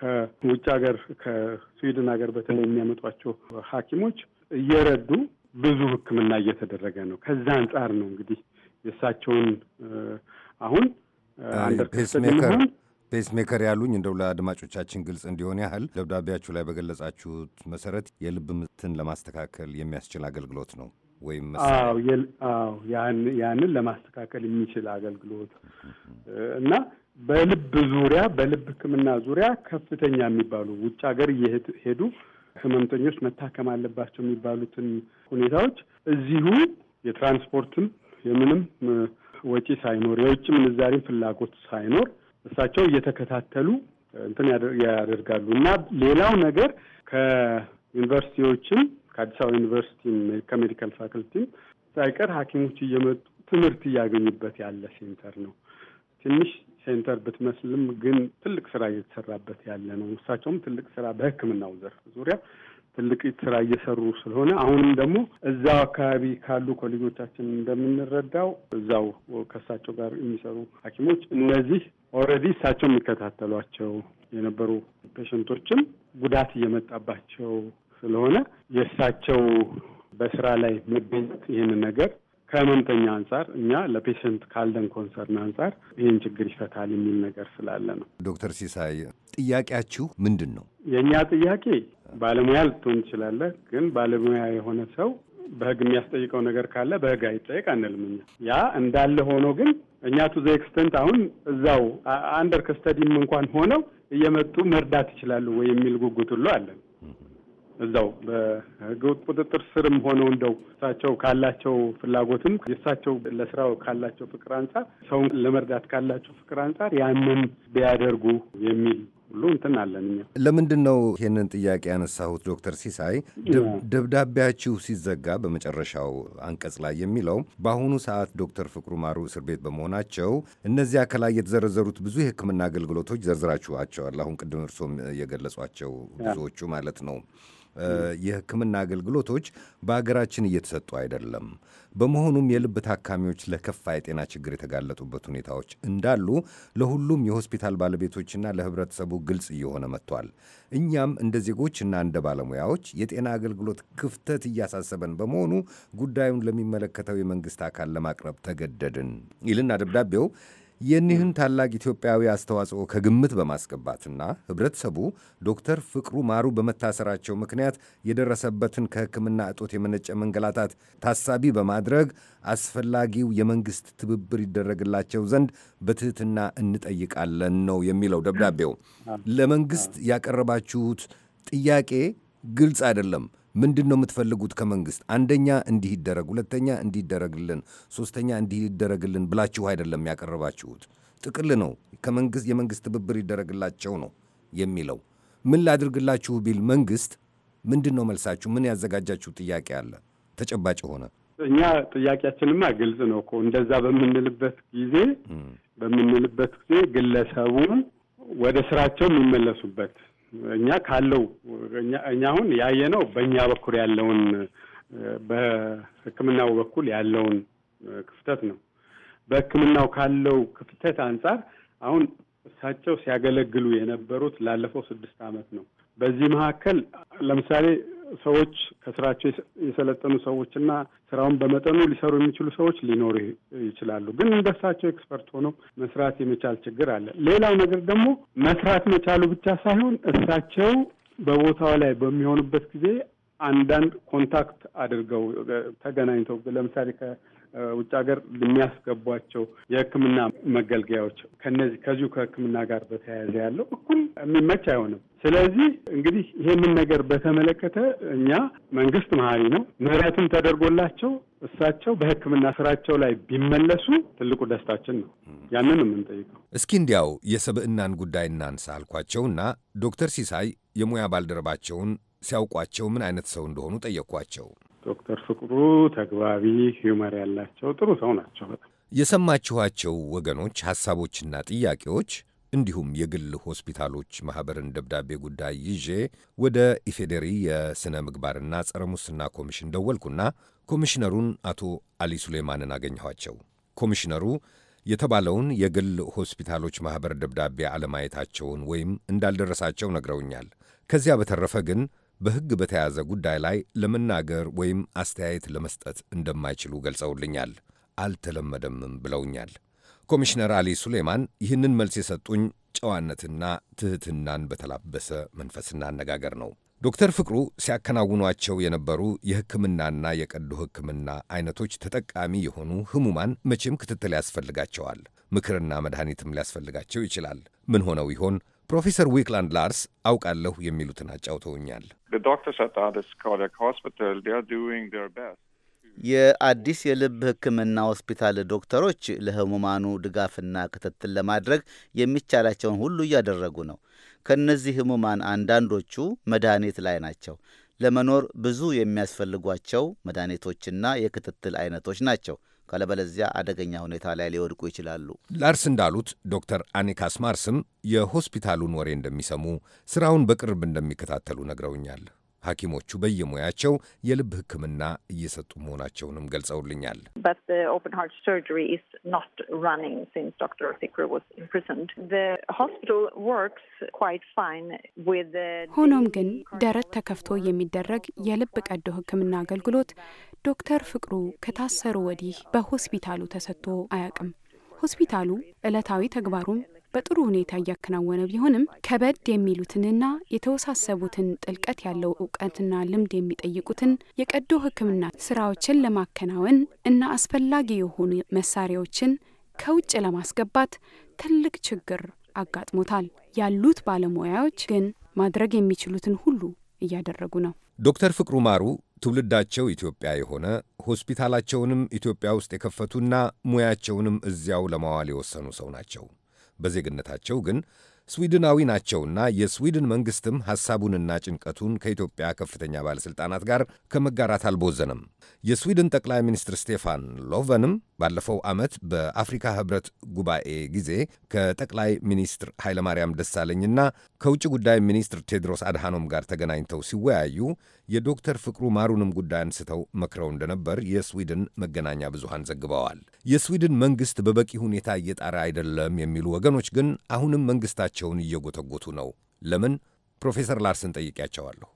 ከውጭ ሀገር ከስዊድን ሀገር በተለይ የሚያመጧቸው ሐኪሞች እየረዱ ብዙ ሕክምና እየተደረገ ነው። ከዛ አንጻር ነው እንግዲህ የእሳቸውን አሁን ፔስሜከር ያሉኝ እንደው ለአድማጮቻችን ግልጽ እንዲሆን ያህል ደብዳቤያችሁ ላይ በገለጻችሁት መሰረት የልብ ምትን ለማስተካከል የሚያስችል አገልግሎት ነው። ወይም ያንን ለማስተካከል የሚችል አገልግሎት እና በልብ ዙሪያ በልብ ሕክምና ዙሪያ ከፍተኛ የሚባሉ ውጭ ሀገር እየሄዱ ህመምተኞች መታከም አለባቸው የሚባሉትን ሁኔታዎች እዚሁ የትራንስፖርትም የምንም ወጪ ሳይኖር የውጭ ምንዛሪም ፍላጎት ሳይኖር እሳቸው እየተከታተሉ እንትን ያደርጋሉ እና ሌላው ነገር ከዩኒቨርሲቲዎችም ከአዲስ አበባ ዩኒቨርሲቲም ከሜዲካል ፋክልቲም ሳይቀር ሐኪሞች እየመጡ ትምህርት እያገኙበት ያለ ሴንተር ነው። ትንሽ ሴንተር ብትመስልም ግን ትልቅ ስራ እየተሰራበት ያለ ነው። እሳቸውም ትልቅ ስራ በሕክምናው ዘርፍ ዙሪያ ትልቅ ስራ እየሰሩ ስለሆነ አሁንም ደግሞ እዛው አካባቢ ካሉ ኮሌጆቻችን እንደምንረዳው እዛው ከእሳቸው ጋር የሚሰሩ ሐኪሞች እነዚህ ኦልሬዲ እሳቸው የሚከታተሏቸው የነበሩ ፔሽንቶችም ጉዳት እየመጣባቸው ስለሆነ የእሳቸው በስራ ላይ መገኘት ይህን ነገር ከህመምተኛ አንጻር እኛ ለፔሸንት ካልደን ኮንሰርን አንጻር ይህን ችግር ይፈታል የሚል ነገር ስላለ ነው። ዶክተር ሲሳይ ጥያቄያችሁ ምንድን ነው? የእኛ ጥያቄ ባለሙያ ልትሆን ትችላለህ፣ ግን ባለሙያ የሆነ ሰው በህግ የሚያስጠይቀው ነገር ካለ በህግ አይጠየቅ አንልም። እኛ ያ እንዳለ ሆኖ ግን እኛ ቱ ዘ ኤክስተንት አሁን እዛው አንደር ከስተዲም እንኳን ሆነው እየመጡ መርዳት ይችላሉ ወይ የሚል ጉጉት ሁሉ አለን። እዛው በህገወጥ ቁጥጥር ስርም ሆነው እንደው እሳቸው ካላቸው ፍላጎትም የእሳቸው ለስራው ካላቸው ፍቅር አንጻር ሰውን ለመርዳት ካላቸው ፍቅር አንጻር ያንን ቢያደርጉ የሚል ሁሉ እንትን አለን። እኛ ለምንድን ነው ይህንን ጥያቄ ያነሳሁት? ዶክተር ሲሳይ ደብዳቤያችሁ ሲዘጋ በመጨረሻው አንቀጽ ላይ የሚለው በአሁኑ ሰዓት ዶክተር ፍቅሩ ማሩ እስር ቤት በመሆናቸው እነዚያ ከላይ የተዘረዘሩት ብዙ የህክምና አገልግሎቶች ዘርዝራችኋቸዋል። አሁን ቅድም እርሶም የገለጿቸው ብዙዎቹ ማለት ነው የሕክምና አገልግሎቶች በሀገራችን እየተሰጡ አይደለም። በመሆኑም የልብ ታካሚዎች ለከፋ የጤና ችግር የተጋለጡበት ሁኔታዎች እንዳሉ ለሁሉም የሆስፒታል ባለቤቶችና ለህብረተሰቡ ግልጽ እየሆነ መጥቷል። እኛም እንደ እና እንደ ባለሙያዎች የጤና አገልግሎት ክፍተት እያሳሰበን በመሆኑ ጉዳዩን ለሚመለከተው የመንግስት አካል ለማቅረብ ተገደድን ይልና ደብዳቤው የኒህን ታላቅ ኢትዮጵያዊ አስተዋጽኦ ከግምት በማስገባትና ህብረተሰቡ ዶክተር ፍቅሩ ማሩ በመታሰራቸው ምክንያት የደረሰበትን ከህክምና እጦት የመነጨ መንገላታት ታሳቢ በማድረግ አስፈላጊው የመንግስት ትብብር ይደረግላቸው ዘንድ በትህትና እንጠይቃለን ነው የሚለው ደብዳቤው። ለመንግስት ያቀረባችሁት ጥያቄ ግልጽ አይደለም። ምንድን ነው የምትፈልጉት ከመንግስት? አንደኛ እንዲህ ይደረግ፣ ሁለተኛ እንዲህ ይደረግልን፣ ሶስተኛ እንዲህ ይደረግልን ብላችሁ አይደለም ያቀረባችሁት። ጥቅል ነው ከመንግስት የመንግስት ትብብር ይደረግላቸው ነው የሚለው። ምን ላድርግላችሁ ቢል መንግስት ምንድን ነው መልሳችሁ? ምን ያዘጋጃችሁ ጥያቄ አለ ተጨባጭ የሆነ? እኛ ጥያቄያችንማ ግልጽ ነው እኮ እንደዛ በምንልበት ጊዜ በምንልበት ጊዜ ግለሰቡ ወደ ስራቸው የሚመለሱበት እኛ ካለው እኛ አሁን ያየነው በእኛ በኩል ያለውን በሕክምናው በኩል ያለውን ክፍተት ነው። በሕክምናው ካለው ክፍተት አንጻር አሁን እሳቸው ሲያገለግሉ የነበሩት ላለፈው ስድስት ዓመት ነው። በዚህ መካከል ለምሳሌ ሰዎች ከስራቸው የሰለጠኑ ሰዎች እና ስራውን በመጠኑ ሊሰሩ የሚችሉ ሰዎች ሊኖሩ ይችላሉ። ግን እንደሳቸው ኤክስፐርት ሆኖ መስራት የመቻል ችግር አለ። ሌላው ነገር ደግሞ መስራት መቻሉ ብቻ ሳይሆን እሳቸው በቦታው ላይ በሚሆኑበት ጊዜ አንዳንድ ኮንታክት አድርገው ተገናኝተው ለምሳሌ ውጭ ሀገር የሚያስገቧቸው የሕክምና መገልገያዎች ከነዚህ ከዚሁ ከሕክምና ጋር በተያያዘ ያለው እኩል የሚመች አይሆንም። ስለዚህ እንግዲህ ይህንን ነገር በተመለከተ እኛ መንግስት መሀሪ ነው፣ ምህረትም ተደርጎላቸው እሳቸው በህክምና ስራቸው ላይ ቢመለሱ ትልቁ ደስታችን ነው። ያንን የምንጠይቀው። እስኪ እንዲያው የሰብዕናን ጉዳይ እናንሳ አልኳቸውና ዶክተር ሲሳይ የሙያ ባልደረባቸውን ሲያውቋቸው ምን አይነት ሰው እንደሆኑ ጠየቅኳቸው። ዶክተር ፍቅሩ ተግባቢ ሂውመር ያላቸው ጥሩ ሰው ናቸው። በጣም የሰማችኋቸው ወገኖች ሐሳቦችና ጥያቄዎች እንዲሁም የግል ሆስፒታሎች ማኅበርን ደብዳቤ ጉዳይ ይዤ ወደ ኢፌዴሪ የሥነ ምግባርና ጸረ ሙስና ኮሚሽን ደወልኩና ኮሚሽነሩን አቶ አሊ ሱሌማንን አገኘኋቸው። ኮሚሽነሩ የተባለውን የግል ሆስፒታሎች ማኅበር ደብዳቤ አለማየታቸውን ወይም እንዳልደረሳቸው ነግረውኛል። ከዚያ በተረፈ ግን በሕግ በተያዘ ጉዳይ ላይ ለመናገር ወይም አስተያየት ለመስጠት እንደማይችሉ ገልጸውልኛል። አልተለመደምም ብለውኛል። ኮሚሽነር አሊ ሱሌማን ይህንን መልስ የሰጡኝ ጨዋነትና ትሕትናን በተላበሰ መንፈስና አነጋገር ነው። ዶክተር ፍቅሩ ሲያከናውኗቸው የነበሩ የሕክምናና የቀዶ ሕክምና አይነቶች ተጠቃሚ የሆኑ ህሙማን መቼም ክትትል ያስፈልጋቸዋል። ምክርና መድኃኒትም ሊያስፈልጋቸው ይችላል። ምን ሆነው ይሆን? ፕሮፌሰር ዊክላንድ ላርስ አውቃለሁ የሚሉትን አጫውተውኛል። የአዲስ የልብ ሕክምና ሆስፒታል ዶክተሮች ለህሙማኑ ድጋፍና ክትትል ለማድረግ የሚቻላቸውን ሁሉ እያደረጉ ነው። ከእነዚህ ህሙማን አንዳንዶቹ መድኃኒት ላይ ናቸው። ለመኖር ብዙ የሚያስፈልጓቸው መድኃኒቶችና የክትትል አይነቶች ናቸው። ካለበለዚያ አደገኛ ሁኔታ ላይ ሊወድቁ ይችላሉ። ላርስ እንዳሉት ዶክተር አኒካስ ማርስም የሆስፒታሉን ወሬ እንደሚሰሙ፣ ስራውን በቅርብ እንደሚከታተሉ ነግረውኛል። ሐኪሞቹ በየሙያቸው የልብ ሕክምና እየሰጡ መሆናቸውንም ገልጸውልኛል። ሆኖም ግን ደረት ተከፍቶ የሚደረግ የልብ ቀዶ ሕክምና አገልግሎት ዶክተር ፍቅሩ ከታሰሩ ወዲህ በሆስፒታሉ ተሰጥቶ አያውቅም። ሆስፒታሉ ዕለታዊ ተግባሩን በጥሩ ሁኔታ እያከናወነ ቢሆንም ከበድ የሚሉትንና የተወሳሰቡትን ጥልቀት ያለው እውቀትና ልምድ የሚጠይቁትን የቀዶ ሕክምና ስራዎችን ለማከናወን እና አስፈላጊ የሆኑ መሳሪያዎችን ከውጭ ለማስገባት ትልቅ ችግር አጋጥሞታል። ያሉት ባለሙያዎች ግን ማድረግ የሚችሉትን ሁሉ እያደረጉ ነው። ዶክተር ፍቅሩ ማሩ ትውልዳቸው ኢትዮጵያ የሆነ ሆስፒታላቸውንም ኢትዮጵያ ውስጥ የከፈቱና ሙያቸውንም እዚያው ለማዋል የወሰኑ ሰው ናቸው። በዜግነታቸው ግን ስዊድናዊ ናቸውና የስዊድን መንግሥትም ሐሳቡንና ጭንቀቱን ከኢትዮጵያ ከፍተኛ ባለሥልጣናት ጋር ከመጋራት አልቦዘንም። የስዊድን ጠቅላይ ሚኒስትር ስቴፋን ሎቨንም ባለፈው ዓመት በአፍሪካ ህብረት ጉባኤ ጊዜ ከጠቅላይ ሚኒስትር ኃይለማርያም ደሳለኝና ከውጭ ጉዳይ ሚኒስትር ቴድሮስ አድሃኖም ጋር ተገናኝተው ሲወያዩ የዶክተር ፍቅሩ ማሩንም ጉዳይ አንስተው መክረው እንደነበር የስዊድን መገናኛ ብዙሃን ዘግበዋል። የስዊድን መንግሥት በበቂ ሁኔታ እየጣረ አይደለም የሚሉ ወገኖች ግን አሁንም መንግሥታቸውን እየጎተጎቱ ነው። ለምን? ፕሮፌሰር ላርስን ጠይቄያቸዋለሁ።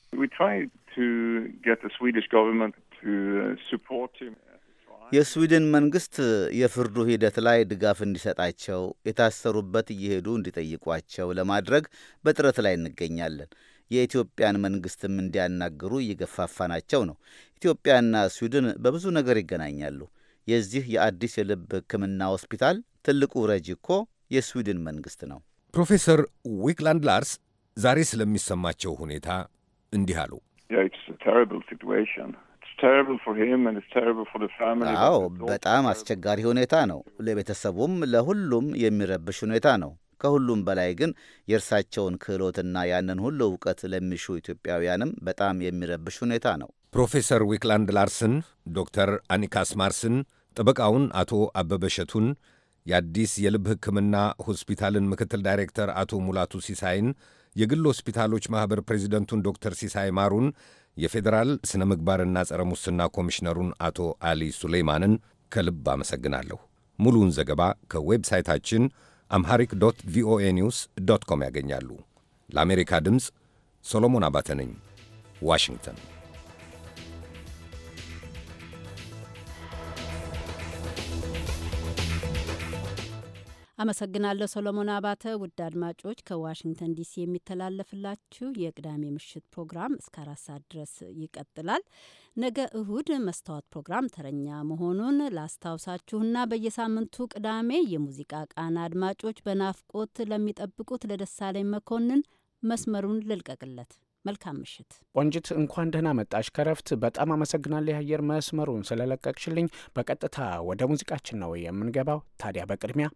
የስዊድን መንግሥት የፍርዱ ሂደት ላይ ድጋፍ እንዲሰጣቸው የታሰሩበት እየሄዱ እንዲጠይቋቸው ለማድረግ በጥረት ላይ እንገኛለን። የኢትዮጵያን መንግሥትም እንዲያናግሩ እየገፋፋናቸው ነው። ኢትዮጵያና ስዊድን በብዙ ነገር ይገናኛሉ። የዚህ የአዲስ የልብ ሕክምና ሆስፒታል ትልቁ ረጂ እኮ የስዊድን መንግሥት ነው። ፕሮፌሰር ዊክላንድ ላርስ ዛሬ ስለሚሰማቸው ሁኔታ እንዲህ አሉ። አዎ በጣም አስቸጋሪ ሁኔታ ነው። ለቤተሰቡም ለሁሉም የሚረብሽ ሁኔታ ነው። ከሁሉም በላይ ግን የእርሳቸውን ክህሎትና ያንን ሁሉ እውቀት ለሚሹ ኢትዮጵያውያንም በጣም የሚረብሽ ሁኔታ ነው። ፕሮፌሰር ዊክላንድ ላርስን፣ ዶክተር አኒካስ ማርስን፣ ጠበቃውን አቶ አበበሸቱን የአዲስ የልብ ሕክምና ሆስፒታልን ምክትል ዳይሬክተር አቶ ሙላቱ ሲሳይን፣ የግል ሆስፒታሎች ማኅበር ፕሬዚደንቱን ዶክተር ሲሳይ ማሩን የፌዴራል ስነ ምግባርና ጸረ ሙስና ኮሚሽነሩን አቶ አሊ ሱሌይማንን ከልብ አመሰግናለሁ። ሙሉውን ዘገባ ከዌብሳይታችን አምሐሪክ ዶት ቪኦኤ ኒውስ ዶት ኮም ያገኛሉ። ለአሜሪካ ድምፅ ሶሎሞን አባተ ነኝ ዋሽንግተን አመሰግናለሁ ሰሎሞን አባተ። ውድ አድማጮች ከዋሽንግተን ዲሲ የሚተላለፍላችሁ የቅዳሜ ምሽት ፕሮግራም እስከ አራት ሰዓት ድረስ ይቀጥላል። ነገ እሁድ መስታወት ፕሮግራም ተረኛ መሆኑን ላስታውሳችሁና በየሳምንቱ ቅዳሜ የሙዚቃ ቃና አድማጮች በናፍቆት ለሚጠብቁት ለደሳለኝ መኮንን መስመሩን ልልቀቅለት። መልካም ምሽት ቆንጅት እንኳን ደህና መጣሽ ከረፍት። በጣም አመሰግናለሁ የአየር መስመሩን ስለለቀቅሽልኝ። በቀጥታ ወደ ሙዚቃችን ነው የምንገባው። ታዲያ በቅድሚያ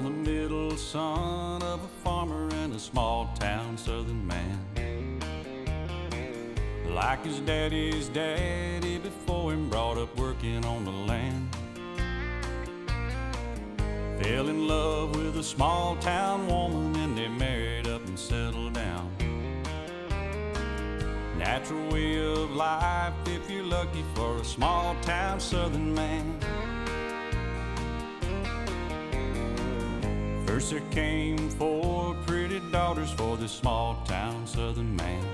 Born the middle son of a farmer and a small town southern man. Like his daddy's daddy before him, brought up working on the land. Fell in love with a small town woman and they married up and settled down. Natural way of life if you're lucky for a small town southern man. Mercer came for pretty daughters for this small town southern man.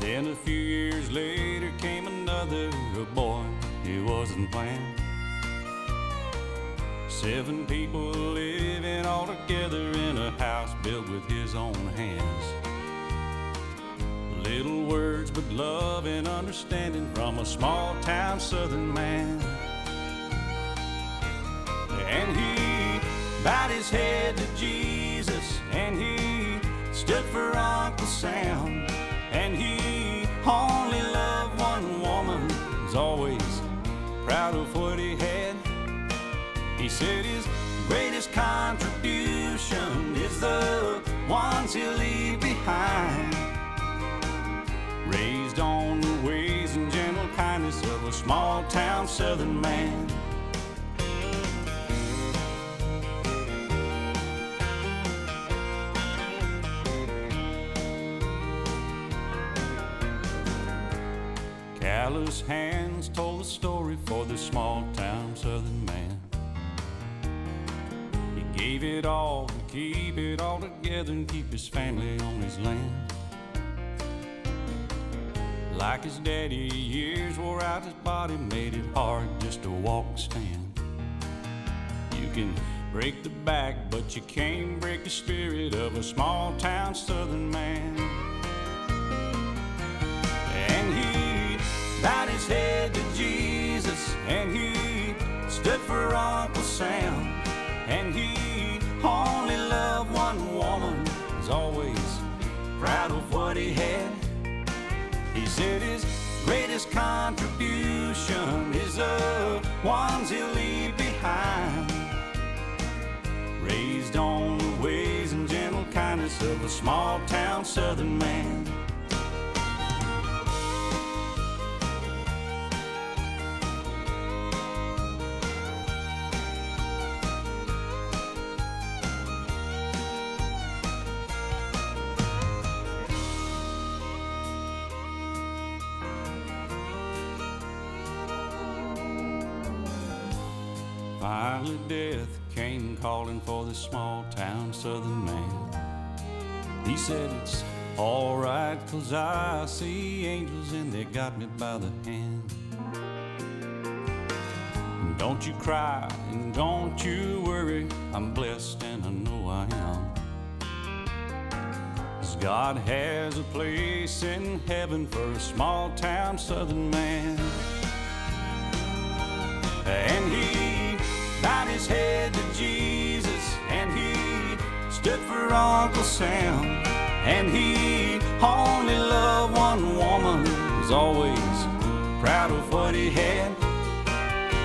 Then a few years later came another, a boy it wasn't planned. Seven people living all together in a house built with his own hands. Little words, but love and understanding from a small town southern man. And he bowed his head to Jesus, and he stood for Uncle Sam. And he only loved one woman, was always proud of what he had. He said his greatest contribution is the ones he'll leave. hands told the story for this small town southern man. He gave it all to keep it all together and keep his family on his land. Like his daddy, years wore out his body, made it hard just to walk stand. You can break the back, but you can't break the spirit of a small town southern man. head to Jesus, and he stood for Uncle Sam. And he only loved one woman, was always proud of what he had. He said his greatest contribution is the ones he'll leave behind. Raised on the ways and gentle kindness of a small town southern man. death came calling for this small town southern man. He said, It's alright, cause I see angels and they got me by the hand. don't you cry and don't you worry, I'm blessed and I know I am. Cause God has a place in heaven for a small town southern man. And he his head to Jesus, and he stood for Uncle Sam. And he only loved one woman, was always proud of what he had.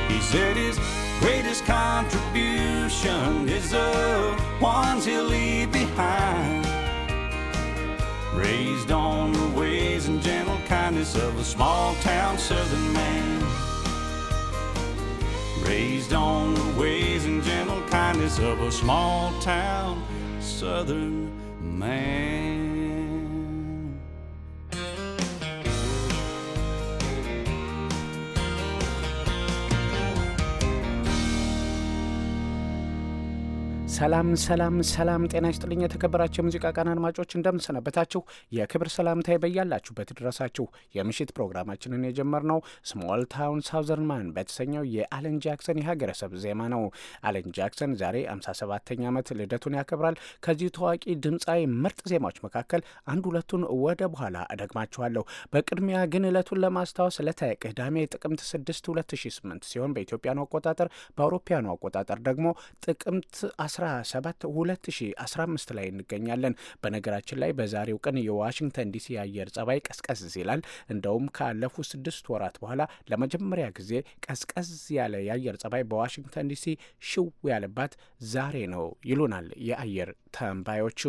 He said his greatest contribution is the ones he'll leave behind. Raised on the ways and gentle kindness of a small town southern man raised on the ways and gentle kindness of a small town southern man. ሰላም ሰላም ሰላም፣ ጤና ይስጥልኝ የተከበራቸው የሙዚቃ ቀን አድማጮች እንደምንሰነበታችሁ፣ የክብር ሰላምታ በያላችሁበት ድረሳችሁ። የምሽት ፕሮግራማችንን የጀመርነው ስሞል ታውን ሳውዘርን ማን በተሰኘው የአለን ጃክሰን የሀገረሰብ ዜማ ነው። አለን ጃክሰን ዛሬ 57ኛ ዓመት ልደቱን ያከብራል። ከዚህ ታዋቂ ድምፃዊ ምርጥ ዜማዎች መካከል አንድ ሁለቱን ወደ በኋላ እደግማችኋለሁ። በቅድሚያ ግን እለቱን ለማስታወስ ዕለተ ቅዳሜ ጥቅምት 6 2008 ሲሆን በኢትዮጵያኑ አቆጣጠር በአውሮፓያኑ አቆጣጠር ደግሞ ጥቅምት 17 2015 ላይ እንገኛለን። በነገራችን ላይ በዛሬው ቀን የዋሽንግተን ዲሲ የአየር ጸባይ ቀዝቀዝ ይላል። እንደውም ካለፉት ስድስት ወራት በኋላ ለመጀመሪያ ጊዜ ቀዝቀዝ ያለ የአየር ጸባይ በዋሽንግተን ዲሲ ሽው ያለባት ዛሬ ነው ይሉናል የአየር ተንባዮቹ።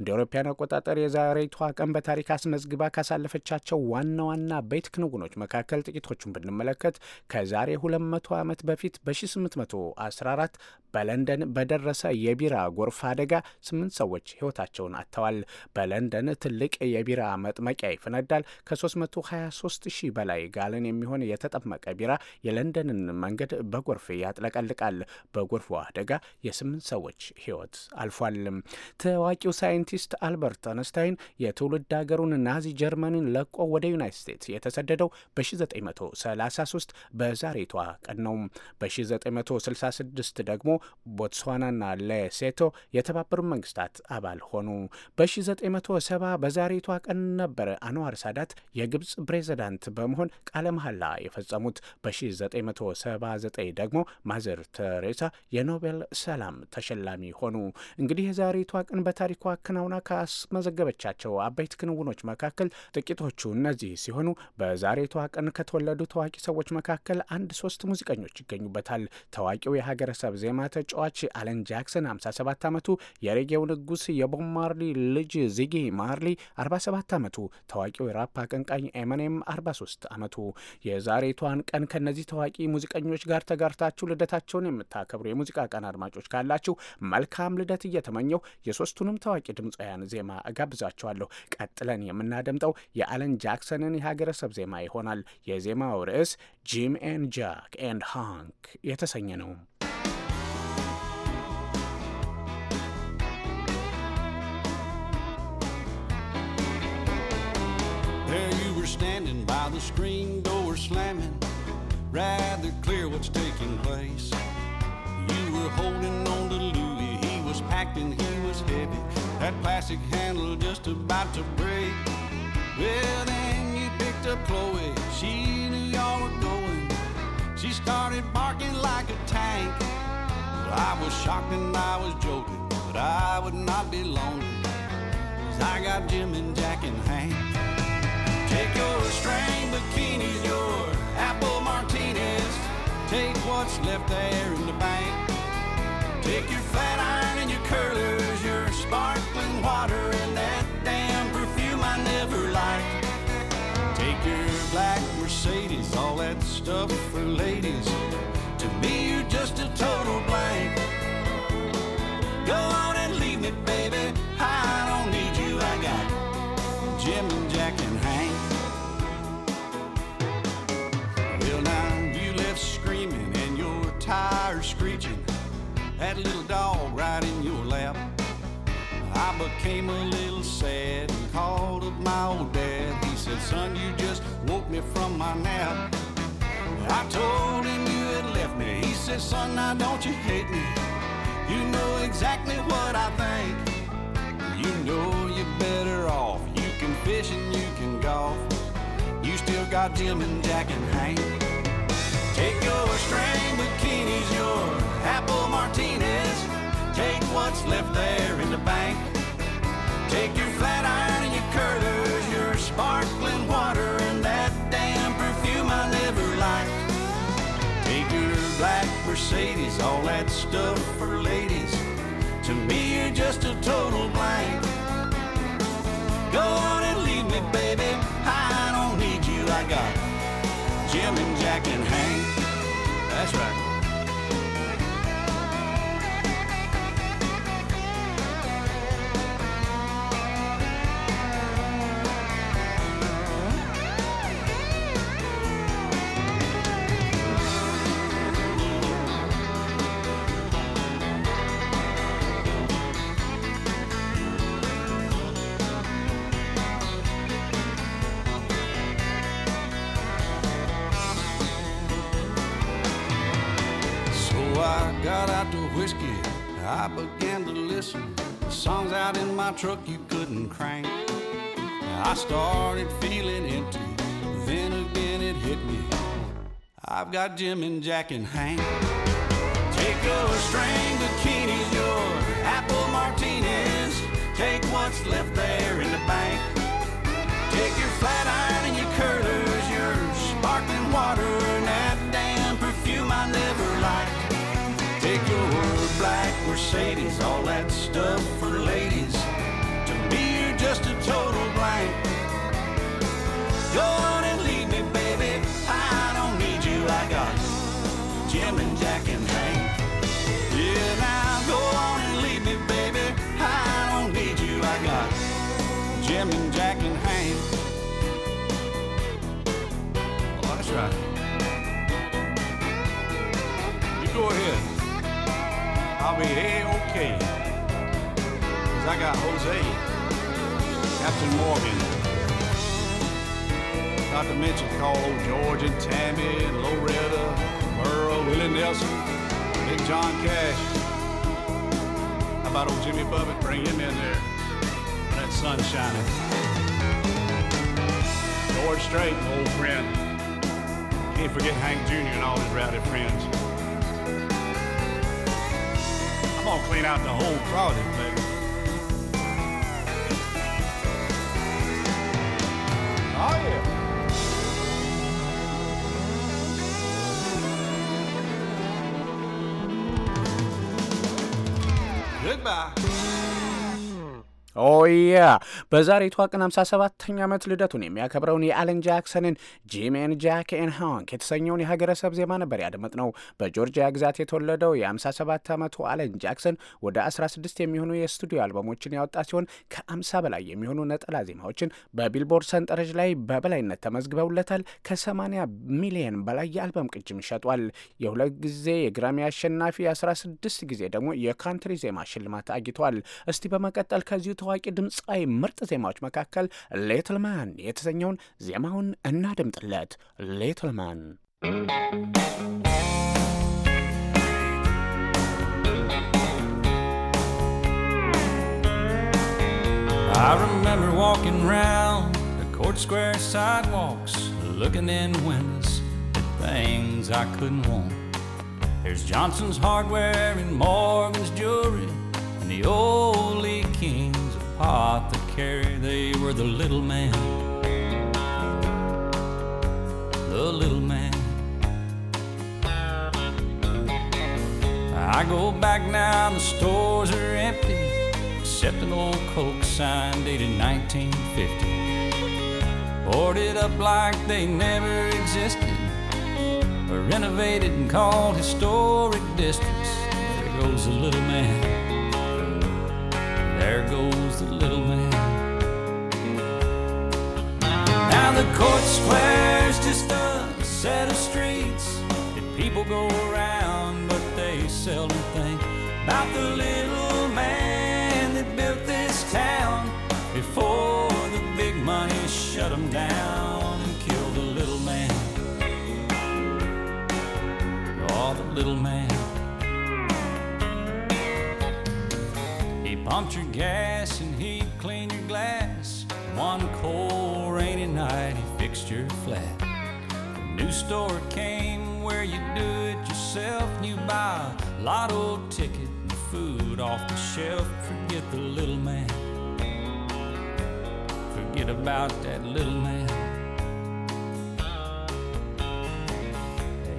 እንደ አውሮፓውያን አቆጣጠር የዛሬቷ ቀን በታሪክ አስመዝግባ ካሳለፈቻቸው ዋና ዋና ቤት ክንውኖች መካከል ጥቂቶቹን ብንመለከት ከዛሬ 200 ዓመት በፊት በ1814 በለንደን በደረሰ የቢራ ጎርፍ አደጋ ስምንት ሰዎች ሕይወታቸውን አጥተዋል። በለንደን ትልቅ የቢራ መጥመቂያ ይፈነዳል። ከ323 ሺህ በላይ ጋለን የሚሆን የተጠመቀ ቢራ የለንደንን መንገድ በጎርፍ ያጥለቀልቃል። በጎርፉ አደጋ የስምንት ሰዎች ሕይወት አልፏል። ታዋቂው ሳይንቲስት አልበርት አነስታይን የትውልድ ሀገሩን ናዚ ጀርመንን ለቆ ወደ ዩናይት ስቴትስ የተሰደደው በ1933 በዛሬቷ ቀን ነው። በ1966 ደግሞ ቦትስዋናና ሌሴቶ የተባበሩ መንግስታት አባል ሆኑ። በ1970 በዛሬቷ ቀን ነበር አንዋር ሳዳት የግብፅ ፕሬዚዳንት በመሆን ቃለ መሐላ የፈጸሙት። በ1979 ደግሞ ማዘር ተሬሳ የኖቤል ሰላም ተሸላሚ ሆኑ። እንግዲህ የዛሬቷ ቀን በታሪኳ ክናውና ካስመዘገበቻቸው አበይት ክንውኖች መካከል ጥቂቶቹ እነዚህ ሲሆኑ በዛሬቷ ቀን ከተወለዱ ታዋቂ ሰዎች መካከል አንድ ሶስት ሙዚቀኞች ይገኙበታል። ታዋቂው የሀገረሰብ ዜማ ተጫዋች አለን ጃክሰን 57 ዓመቱ፣ የሬጌው ንጉሥ የቦብ ማርሊ ልጅ ዚጊ ማርሊ 47 ዓመቱ፣ ታዋቂው የራፕ አቀንቃኝ ኤምኔም 43 ዓመቱ። የዛሬቷን ቀን ከነዚህ ታዋቂ ሙዚቀኞች ጋር ተጋርታችሁ ልደታቸውን የምታከብሩ የሙዚቃ ቀን አድማጮች ካላችሁ መልካም ልደት እየተመኘው የሶስቱንም ታዋቂ ድምፃውያን ዜማ እጋብዛችኋለሁ። ቀጥለን የምናደምጠው የአለን ጃክሰንን የሀገረሰብ ዜማ ይሆናል። የዜማው ርዕስ ጂም ኤን ጃክ ኤንድ ሃንክ የተሰኘ ነው። There you were standing by the screen door slamming, rather clear what's taking place. You were holding on to Louis, he was packed and he was heavy. That plastic handle just about to break. Well, then you picked up Chloe, she knew y'all were going. She started barking like a tank. Well, I was shocked and I was joking, but I would not be lonely. Cause I got Jim and Jack and Hank. Take your strained bikinis, your apple martinis. Take what's left there in the bank. Take your flat iron and your curlers, your sparkling water, and that damn perfume I never liked. Take your black Mercedes, all that stuff for ladies. To me, you're just a total blank. Go on. That little dog right in your lap. I became a little sad and called up my old dad. He said, Son, you just woke me from my nap. I told him you had left me. He said, Son, now don't you hate me. You know exactly what I think. You know you're better off. You can fish and you can golf. You still got Jim and Jack and Hank. Take your string bikinis, your apple martinis. Take what's left there in the bank. Take your flat iron and your curlers, your sparkling water, and that damn perfume I never liked. Take your black Mercedes, all that stuff for ladies. To me, you're just a toy truck you couldn't crank. I started feeling empty, then again it hit me. I've got Jim and Jack and Hank. Take a string bikinis, your apple martinis. Take what's left there in the bank. Take your flat iron and your curlers, your sparkling water, and that damn perfume I never liked. Take your black Mercedes, all that stuff Go on and leave me, baby. I don't need you. I got Jim and Jack and Hank. Yeah, now go on and leave me, baby. I don't need you. I got Jim and Jack and Hank. Oh, that's right. You go ahead. I'll be A-OK. Cause I got Jose, Captain Morgan. Not to mention call old George and Tammy and Loretta, Burl, Willie Nelson, Big John Cash. How about old Jimmy Buffett? Bring him in there. That sun shining. George Strait, old friend. Can't forget Hank Jr. and all his rowdy friends. I'm gonna clean out the whole closet, man. lugar. ኦያ oh, በዛሬቷ ቀን 57ኛ ዓመት ልደቱን የሚያከብረውን የአለን ጃክሰንን ጂሜን ጃክ ኤን ሃንክ የተሰኘውን የሀገረሰብ ዜማ ነበር ያደመጥ ነው። በጆርጂያ ግዛት የተወለደው የ57 ዓመቱ አለን ጃክሰን ወደ 16 የሚሆኑ የስቱዲዮ አልበሞችን ያወጣ ሲሆን ከ50 በላይ የሚሆኑ ነጠላ ዜማዎችን በቢልቦርድ ሰንጠረዥ ላይ በበላይነት ተመዝግበውለታል። ከ80 ሚሊየን በላይ የአልበም ቅጅም ይሸጧል። የሁለት ጊዜ የግራሚ አሸናፊ፣ 16 ጊዜ ደግሞ የካንትሪ ዜማ ሽልማት አግኝተዋል። እስቲ በመቀጠል ከዚሁ ድምፃዊ ምርጥ ዜማዎች መካከል ሌትልማን የተሰኘውን ዜማውን እናድምጥለት። ሌትልማን I remember walking round the court square sidewalks, looking in windows at things I couldn't want. There's Johnson's hardware and Morgan's jewelry and the old Lee King apothecary, they were the little man. The little man. I go back now, the stores are empty, except an old Coke sign dated 1950. Boarded up like they never existed, or renovated and called historic districts. There goes the little man there goes the little man. Now the court square's just a set of streets that people go around, but they seldom think about the little man that built this town before the big money shut him down and killed the little man. Oh, the little man. Pumped your gas and he'd clean your glass. One cold rainy night, he fixed your flat. The new store came where you do it yourself. you buy a lotto ticket and food off the shelf. Forget the little man. Forget about that little man.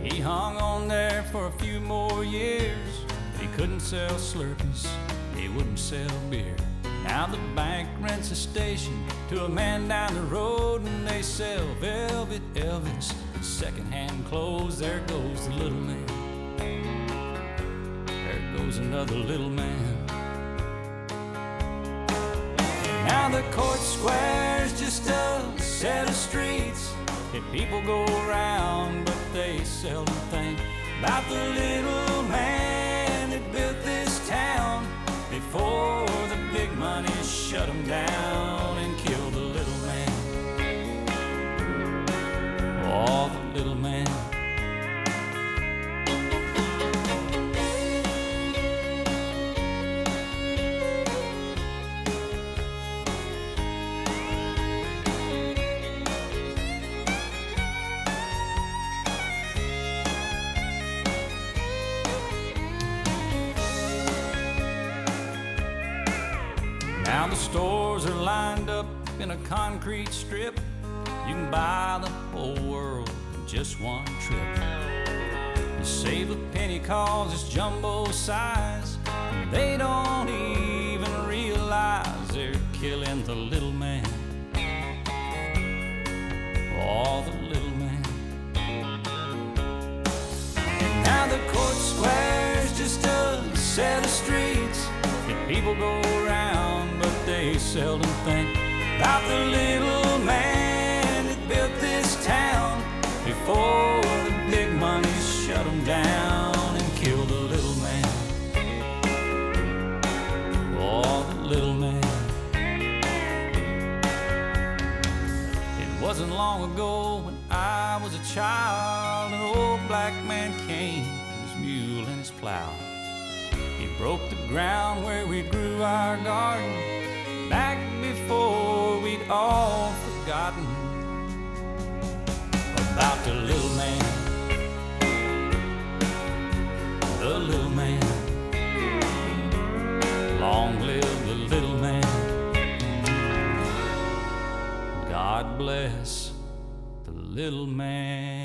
He hung on there for a few more years, but he couldn't sell Slurpees they wouldn't sell beer. Now the bank rents a station to a man down the road and they sell velvet Elvis. Secondhand clothes, there goes the little man. There goes another little man. Now the court square's just a set of streets that people go around, but they seldom think about the little man for the big money shut him down and killed the little man. Oh, the little man. in a concrete strip. You can buy the whole world in just one trip. You save a penny cause it's jumbo size. They don't even realize they're killing the little man. All oh, the little man. Now the court square's just a set of streets and people go around, but they seldom think about the little man that built this town before the big money shut him down and killed the little man. Oh, the little man. It wasn't long ago when I was a child, an old black man came with his mule and his plow. He broke the ground where we grew our garden back before we'd all forgotten about the little man, the little man. Long live the little man. God bless the little man.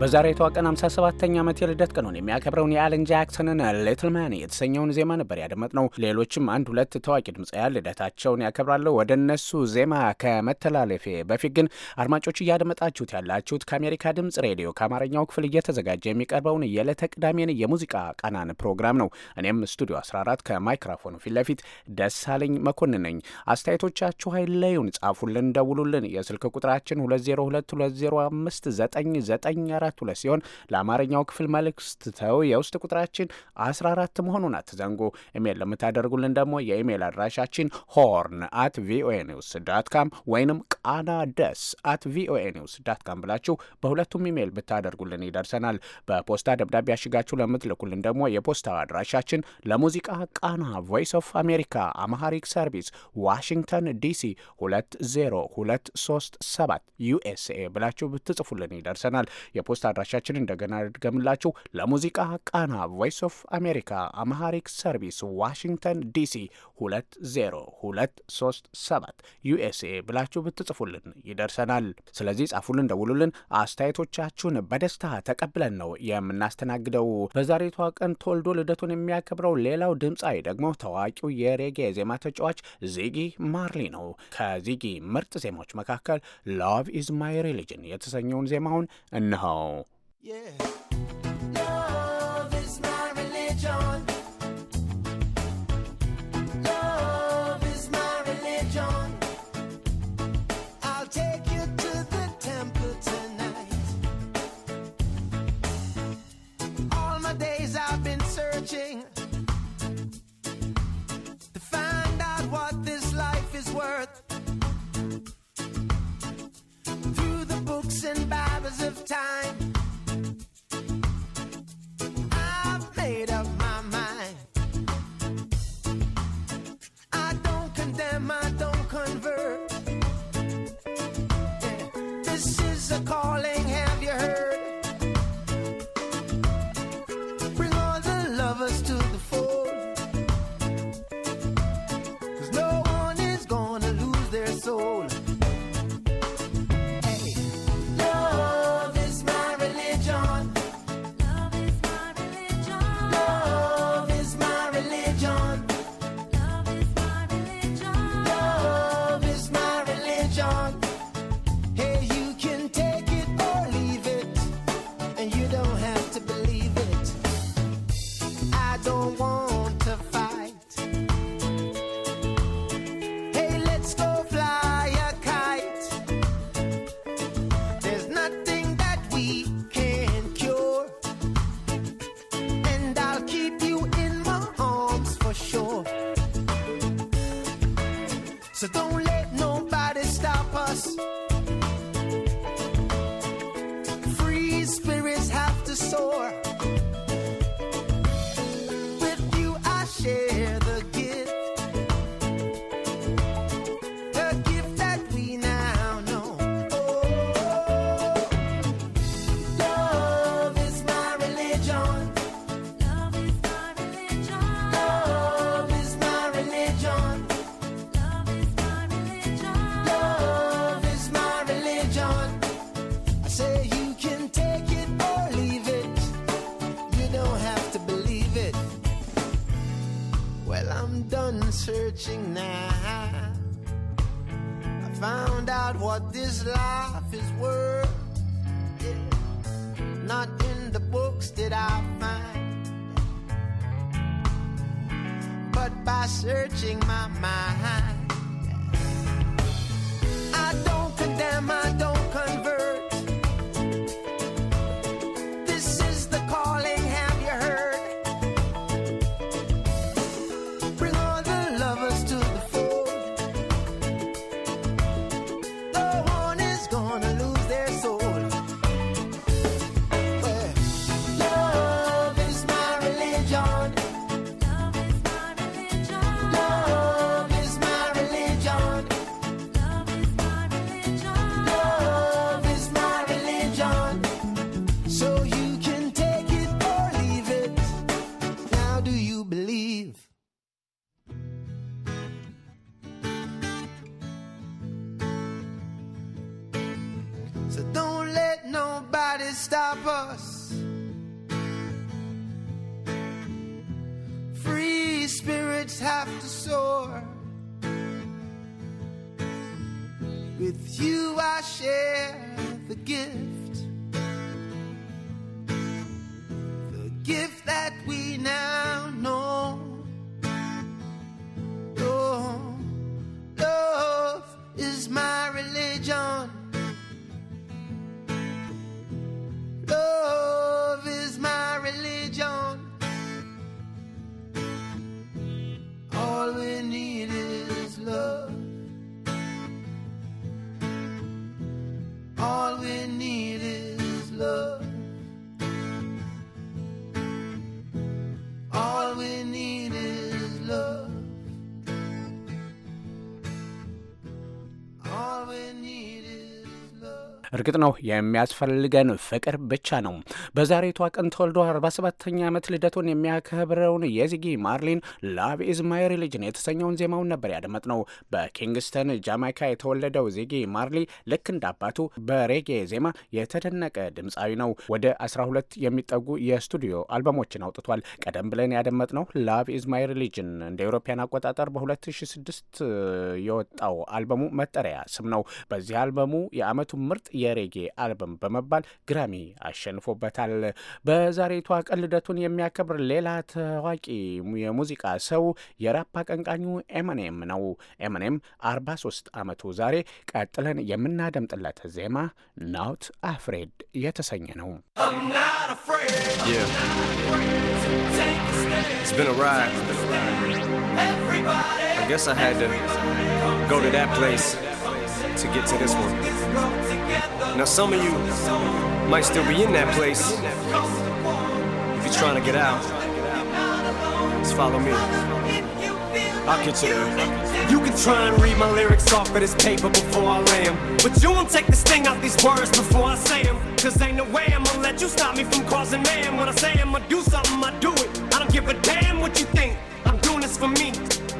በዛሬቷ ቀን 57ኛ ዓመት የልደት ቀኑን የሚያከብረውን የአለን ጃክሰንን ሌትል ማን የተሰኘውን ዜማ ነበር ያደመጥነው። ሌሎችም አንድ ሁለት ታዋቂ ድምፃውያን ልደታቸውን ያከብራለሁ። ወደ እነሱ ዜማ ከመተላለፌ በፊት ግን አድማጮች እያደመጣችሁት ያላችሁት ከአሜሪካ ድምፅ ሬዲዮ ከአማርኛው ክፍል እየተዘጋጀ የሚቀርበውን የዕለተ ቅዳሜን የሙዚቃ ቃናን ፕሮግራም ነው። እኔም ስቱዲዮ 14 ከማይክሮፎኑ ፊት ለፊት ደሳለኝ መኮንን ነኝ። አስተያየቶቻችሁ ኃይለዩን ጻፉልን፣ ደውሉልን። የስልክ ቁጥራችን 20220599 አራት ሁለት ሲሆን ለአማርኛው ክፍል መልእክት ተው የውስጥ ቁጥራችን አስራ አራት መሆኑን አትዘንጉ። ኢሜይል ለምታደርጉልን ደግሞ የኢሜይል አድራሻችን ሆርን አት ቪኦኤ ኒውስ ዳት ካም ወይንም ቃና ደስ አት ቪኦኤ ኒውስ ዳት ካም ብላችሁ በሁለቱም ኢሜይል ብታደርጉልን ይደርሰናል። በፖስታ ደብዳቤ አሽጋችሁ ለምትልኩልን ደግሞ የፖስታ አድራሻችን ለሙዚቃ ቃና ቮይስ ኦፍ አሜሪካ አማሃሪክ ሰርቪስ ዋሽንግተን ዲሲ 20237 ዩኤስኤ ብላችሁ ብትጽፉልን ይደርሰናል። የፖስት አድራሻችን እንደገና ድገምላችሁ ለሙዚቃ ቃና ቮይስ ኦፍ አሜሪካ አማሃሪክ ሰርቪስ ዋሽንግተን ዲሲ 20237 ዩኤስኤ ብላችሁ ብትጽፉልን ይደርሰናል። ስለዚህ ጻፉልን፣ ደውሉልን። አስተያየቶቻችሁን በደስታ ተቀብለን ነው የምናስተናግደው። በዛሬቷ ቀን ተወልዶ ልደቱን የሚያከብረው ሌላው ድምፃዊ ደግሞ ታዋቂው የሬጌ ዜማ ተጫዋች ዚጊ ማርሊ ነው። ከዚጊ ምርጥ ዜማዎች መካከል ላቭ ኢዝ ማይ ሪሊጅን የተሰኘውን ዜማውን እንኸው። Yeah. searching now. I found out what this life is worth. Yeah. Not in the books did I find, but by searching my mind. All we need is love. እርግጥ ነው የሚያስፈልገን ፍቅር ብቻ ነው። በዛሬቷ ቀን ተወልዶ 47ኛ ዓመት ልደቱን የሚያከብረውን የዚጊ ማርሊን ላቭ ኢዝ ማይ ሪሊጅን የተሰኘውን ዜማውን ነበር ያደመጥ ነው። በኪንግስተን ጃማይካ የተወለደው ዚጊ ማርሊ ልክ እንደ አባቱ በሬጌ ዜማ የተደነቀ ድምፃዊ ነው። ወደ 12 የሚጠጉ የስቱዲዮ አልበሞችን አውጥቷል። ቀደም ብለን ያደመጥነው ላቭ ኢዝ ማይ ሪሊጅን እንደ ኤሮፓያን አቆጣጠር በ2006 የወጣው አልበሙ መጠሪያ ስም ነው። በዚህ አልበሙ የአመቱ ምርጥ የሬጌ አልበም በመባል ግራሚ አሸንፎበታል። በዛሬቷ ቀን ልደቱን የሚያከብር ሌላ ታዋቂ የሙዚቃ ሰው የራፕ አቀንቃኙ ኤምንኤም ነው። ኤምንኤም 43 ዓመቱ ዛሬ ቀጥለን የምናደምጥለት ዜማ ናውት አፍሬድ የተሰኘ ነው። It's been a ride. I guess I had to go to that place. to get to this one. Now, some of you might still be in that place. If you're trying to get out, just follow me. I'll get you there. You can try and read my lyrics off of this paper before I lay them. But you won't take the sting out these words before I say them. Cause ain't no way I'm gonna let you stop me from causing man. When I say I'm gonna do something, I do it. I don't give a damn what you think. I'm doing this for me.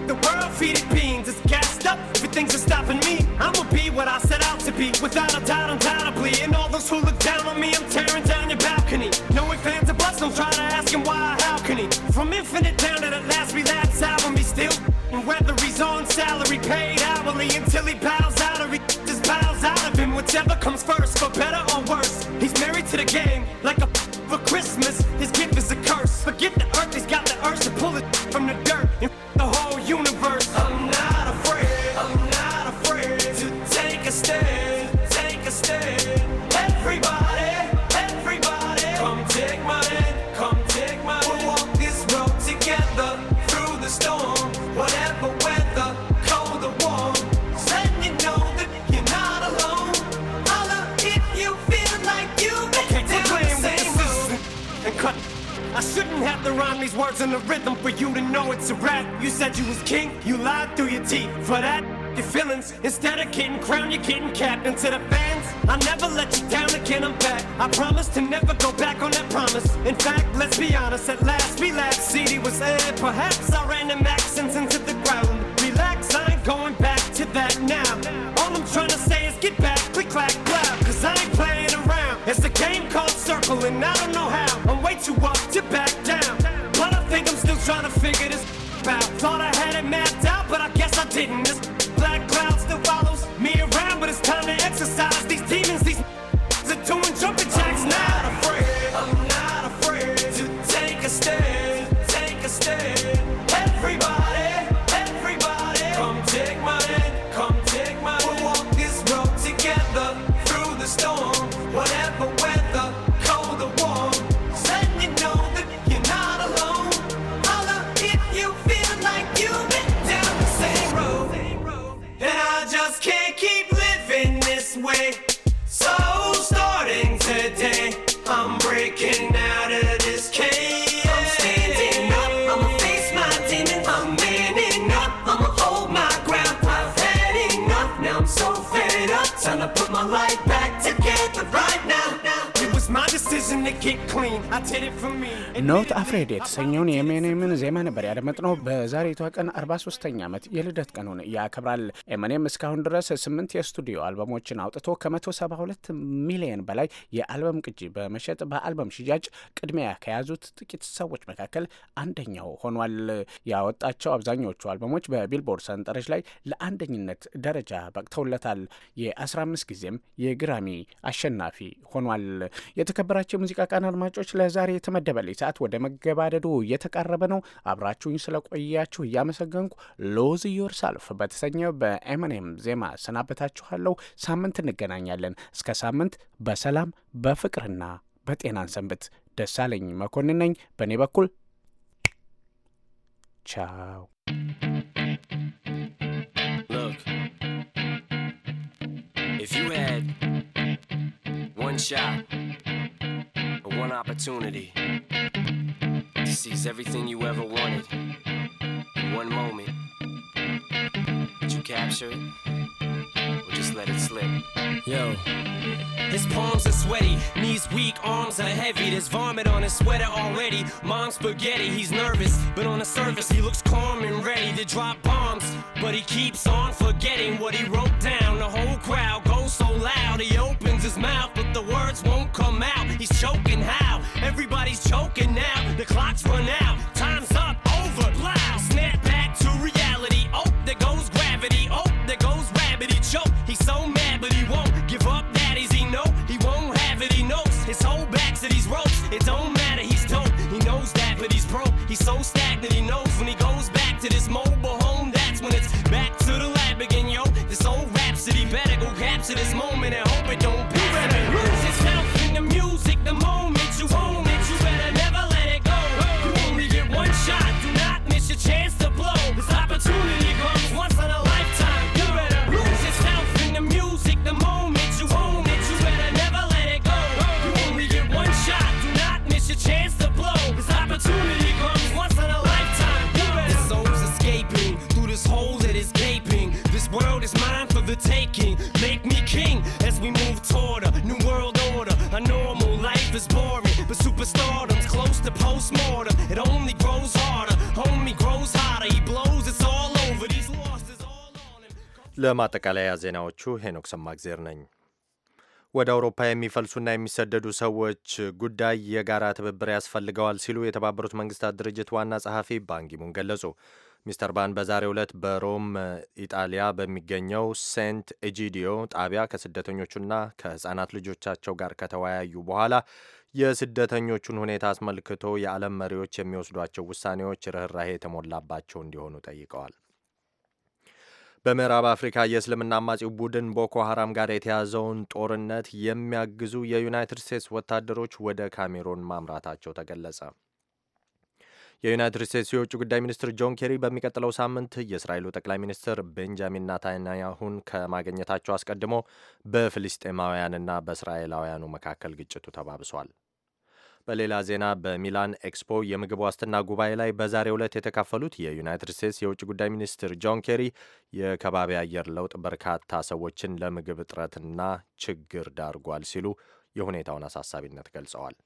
The world feed it beans, is gassed up. Everything's just stopping me. I'ma be what I set out to be, without a doubt, undoubtedly. And all those who look down on me, I'm tearing down your balcony. Knowing fans are blessed, don't try to ask him why how can he. From infinite down to the last relapse album, be still. And whether he's on salary, paid hourly, until he bows out or he just bows out of him. Whichever comes first, for better or worse, he's married to the game. crown, you're getting capped into the fans. I will never let you ኖት አፍሬድ የተሰኘውን የኤምኔምን ዜማ ነበር ያደመጥነው። በዛሬቷ ቀን 43ኛ ዓመት የልደት ቀኑን ያከብራል። ኤምኔም እስካሁን ድረስ ስምንት የስቱዲዮ አልበሞችን አውጥቶ ከ172 ሚሊዮን በላይ የአልበም ቅጂ በመሸጥ በአልበም ሽያጭ ቅድሚያ ከያዙት ጥቂት ሰዎች መካከል አንደኛው ሆኗል። ያወጣቸው አብዛኞቹ አልበሞች በቢልቦርድ ሰንጠረዥ ላይ ለአንደኝነት ደረጃ በቅተውለታል። የ15 ጊዜም የግራሚ አሸናፊ ሆኗል። የተከበራቸው የሙዚቃ ቀን አድማጮች፣ ለዛሬ የተመደበልኝ ሰዓት ወደ መገባደዱ እየተቃረበ ነው። አብራችሁኝ ስለቆያችሁ እያመሰገንኩ ሎዝ ዮር ሳልፍ በተሰኘው በኤምንም ዜማ ሰናበታችኋለሁ። ሳምንት እንገናኛለን። እስከ ሳምንት በሰላም በፍቅርና በጤናን ሰንብት። ደሳለኝ መኮንን ነኝ። በእኔ በኩል ቻው። if you had one shot, or one opportunity to seize everything you ever wanted in one moment. Did you capture it? let it slip. Yo. His palms are sweaty, knees weak, arms are heavy. There's vomit on his sweater already. Mom's spaghetti, he's nervous, but on the surface he looks calm and ready to drop bombs. But he keeps on forgetting what he wrote down. The whole crowd goes so loud, he opens his mouth, but the words won't come out. He's choking how? Everybody's choking now. The clock's run out. so stagnant, he knows when he goes back to this mobile home. That's when it's back to the lab again, yo. This old rhapsody better go capture this moment and hope it ለማጠቃለያ ዜናዎቹ ሄኖክ ሰማግዜር ነኝ። ወደ አውሮፓ የሚፈልሱና የሚሰደዱ ሰዎች ጉዳይ የጋራ ትብብር ያስፈልገዋል ሲሉ የተባበሩት መንግስታት ድርጅት ዋና ጸሐፊ ባንኪሙን ገለጹ። ሚስተር ባን በዛሬው ዕለት በሮም ኢጣሊያ በሚገኘው ሴንት ኤጂዲዮ ጣቢያ ከስደተኞቹና ከህጻናት ልጆቻቸው ጋር ከተወያዩ በኋላ የስደተኞቹን ሁኔታ አስመልክቶ የዓለም መሪዎች የሚወስዷቸው ውሳኔዎች ርኅራሄ የተሞላባቸው እንዲሆኑ ጠይቀዋል። በምዕራብ አፍሪካ የእስልምና አማጺው ቡድን ቦኮ ሀራም ጋር የተያዘውን ጦርነት የሚያግዙ የዩናይትድ ስቴትስ ወታደሮች ወደ ካሜሮን ማምራታቸው ተገለጸ። የዩናይትድ ስቴትስ የውጭ ጉዳይ ሚኒስትር ጆን ኬሪ በሚቀጥለው ሳምንት የእስራኤሉ ጠቅላይ ሚኒስትር ቤንጃሚን ናታንያሁን ከማግኘታቸው አስቀድሞ በፍልስጤማውያንና በእስራኤላውያኑ መካከል ግጭቱ ተባብሷል። በሌላ ዜና በሚላን ኤክስፖ የምግብ ዋስትና ጉባኤ ላይ በዛሬ ዕለት የተካፈሉት የዩናይትድ ስቴትስ የውጭ ጉዳይ ሚኒስትር ጆን ኬሪ የከባቢ አየር ለውጥ በርካታ ሰዎችን ለምግብ እጥረትና ችግር ዳርጓል ሲሉ የሁኔታውን አሳሳቢነት ገልጸዋል።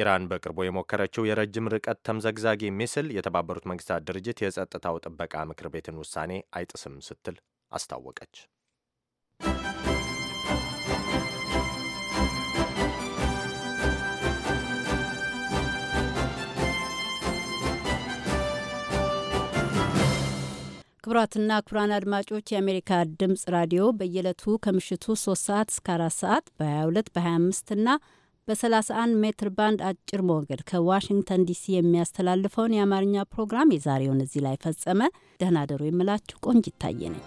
ኢራን በቅርቡ የሞከረችው የረጅም ርቀት ተምዘግዛጊ ሚስል የተባበሩት መንግስታት ድርጅት የጸጥታው ጥበቃ ምክር ቤትን ውሳኔ አይጥስም ስትል አስታወቀች። ክቡራትና ክቡራን አድማጮች የአሜሪካ ድምፅ ራዲዮ በየዕለቱ ከምሽቱ 3 ሰዓት እስከ 4 ሰዓት በ22 በ25 እና በ31 ሜትር ባንድ አጭር ሞገድ ከዋሽንግተን ዲሲ የሚያስተላልፈውን የአማርኛ ፕሮግራም የዛሬውን እዚህ ላይ ፈጸመ። ደህና ደሩ የምላችሁ ቆንጅ ይታየ ነኝ።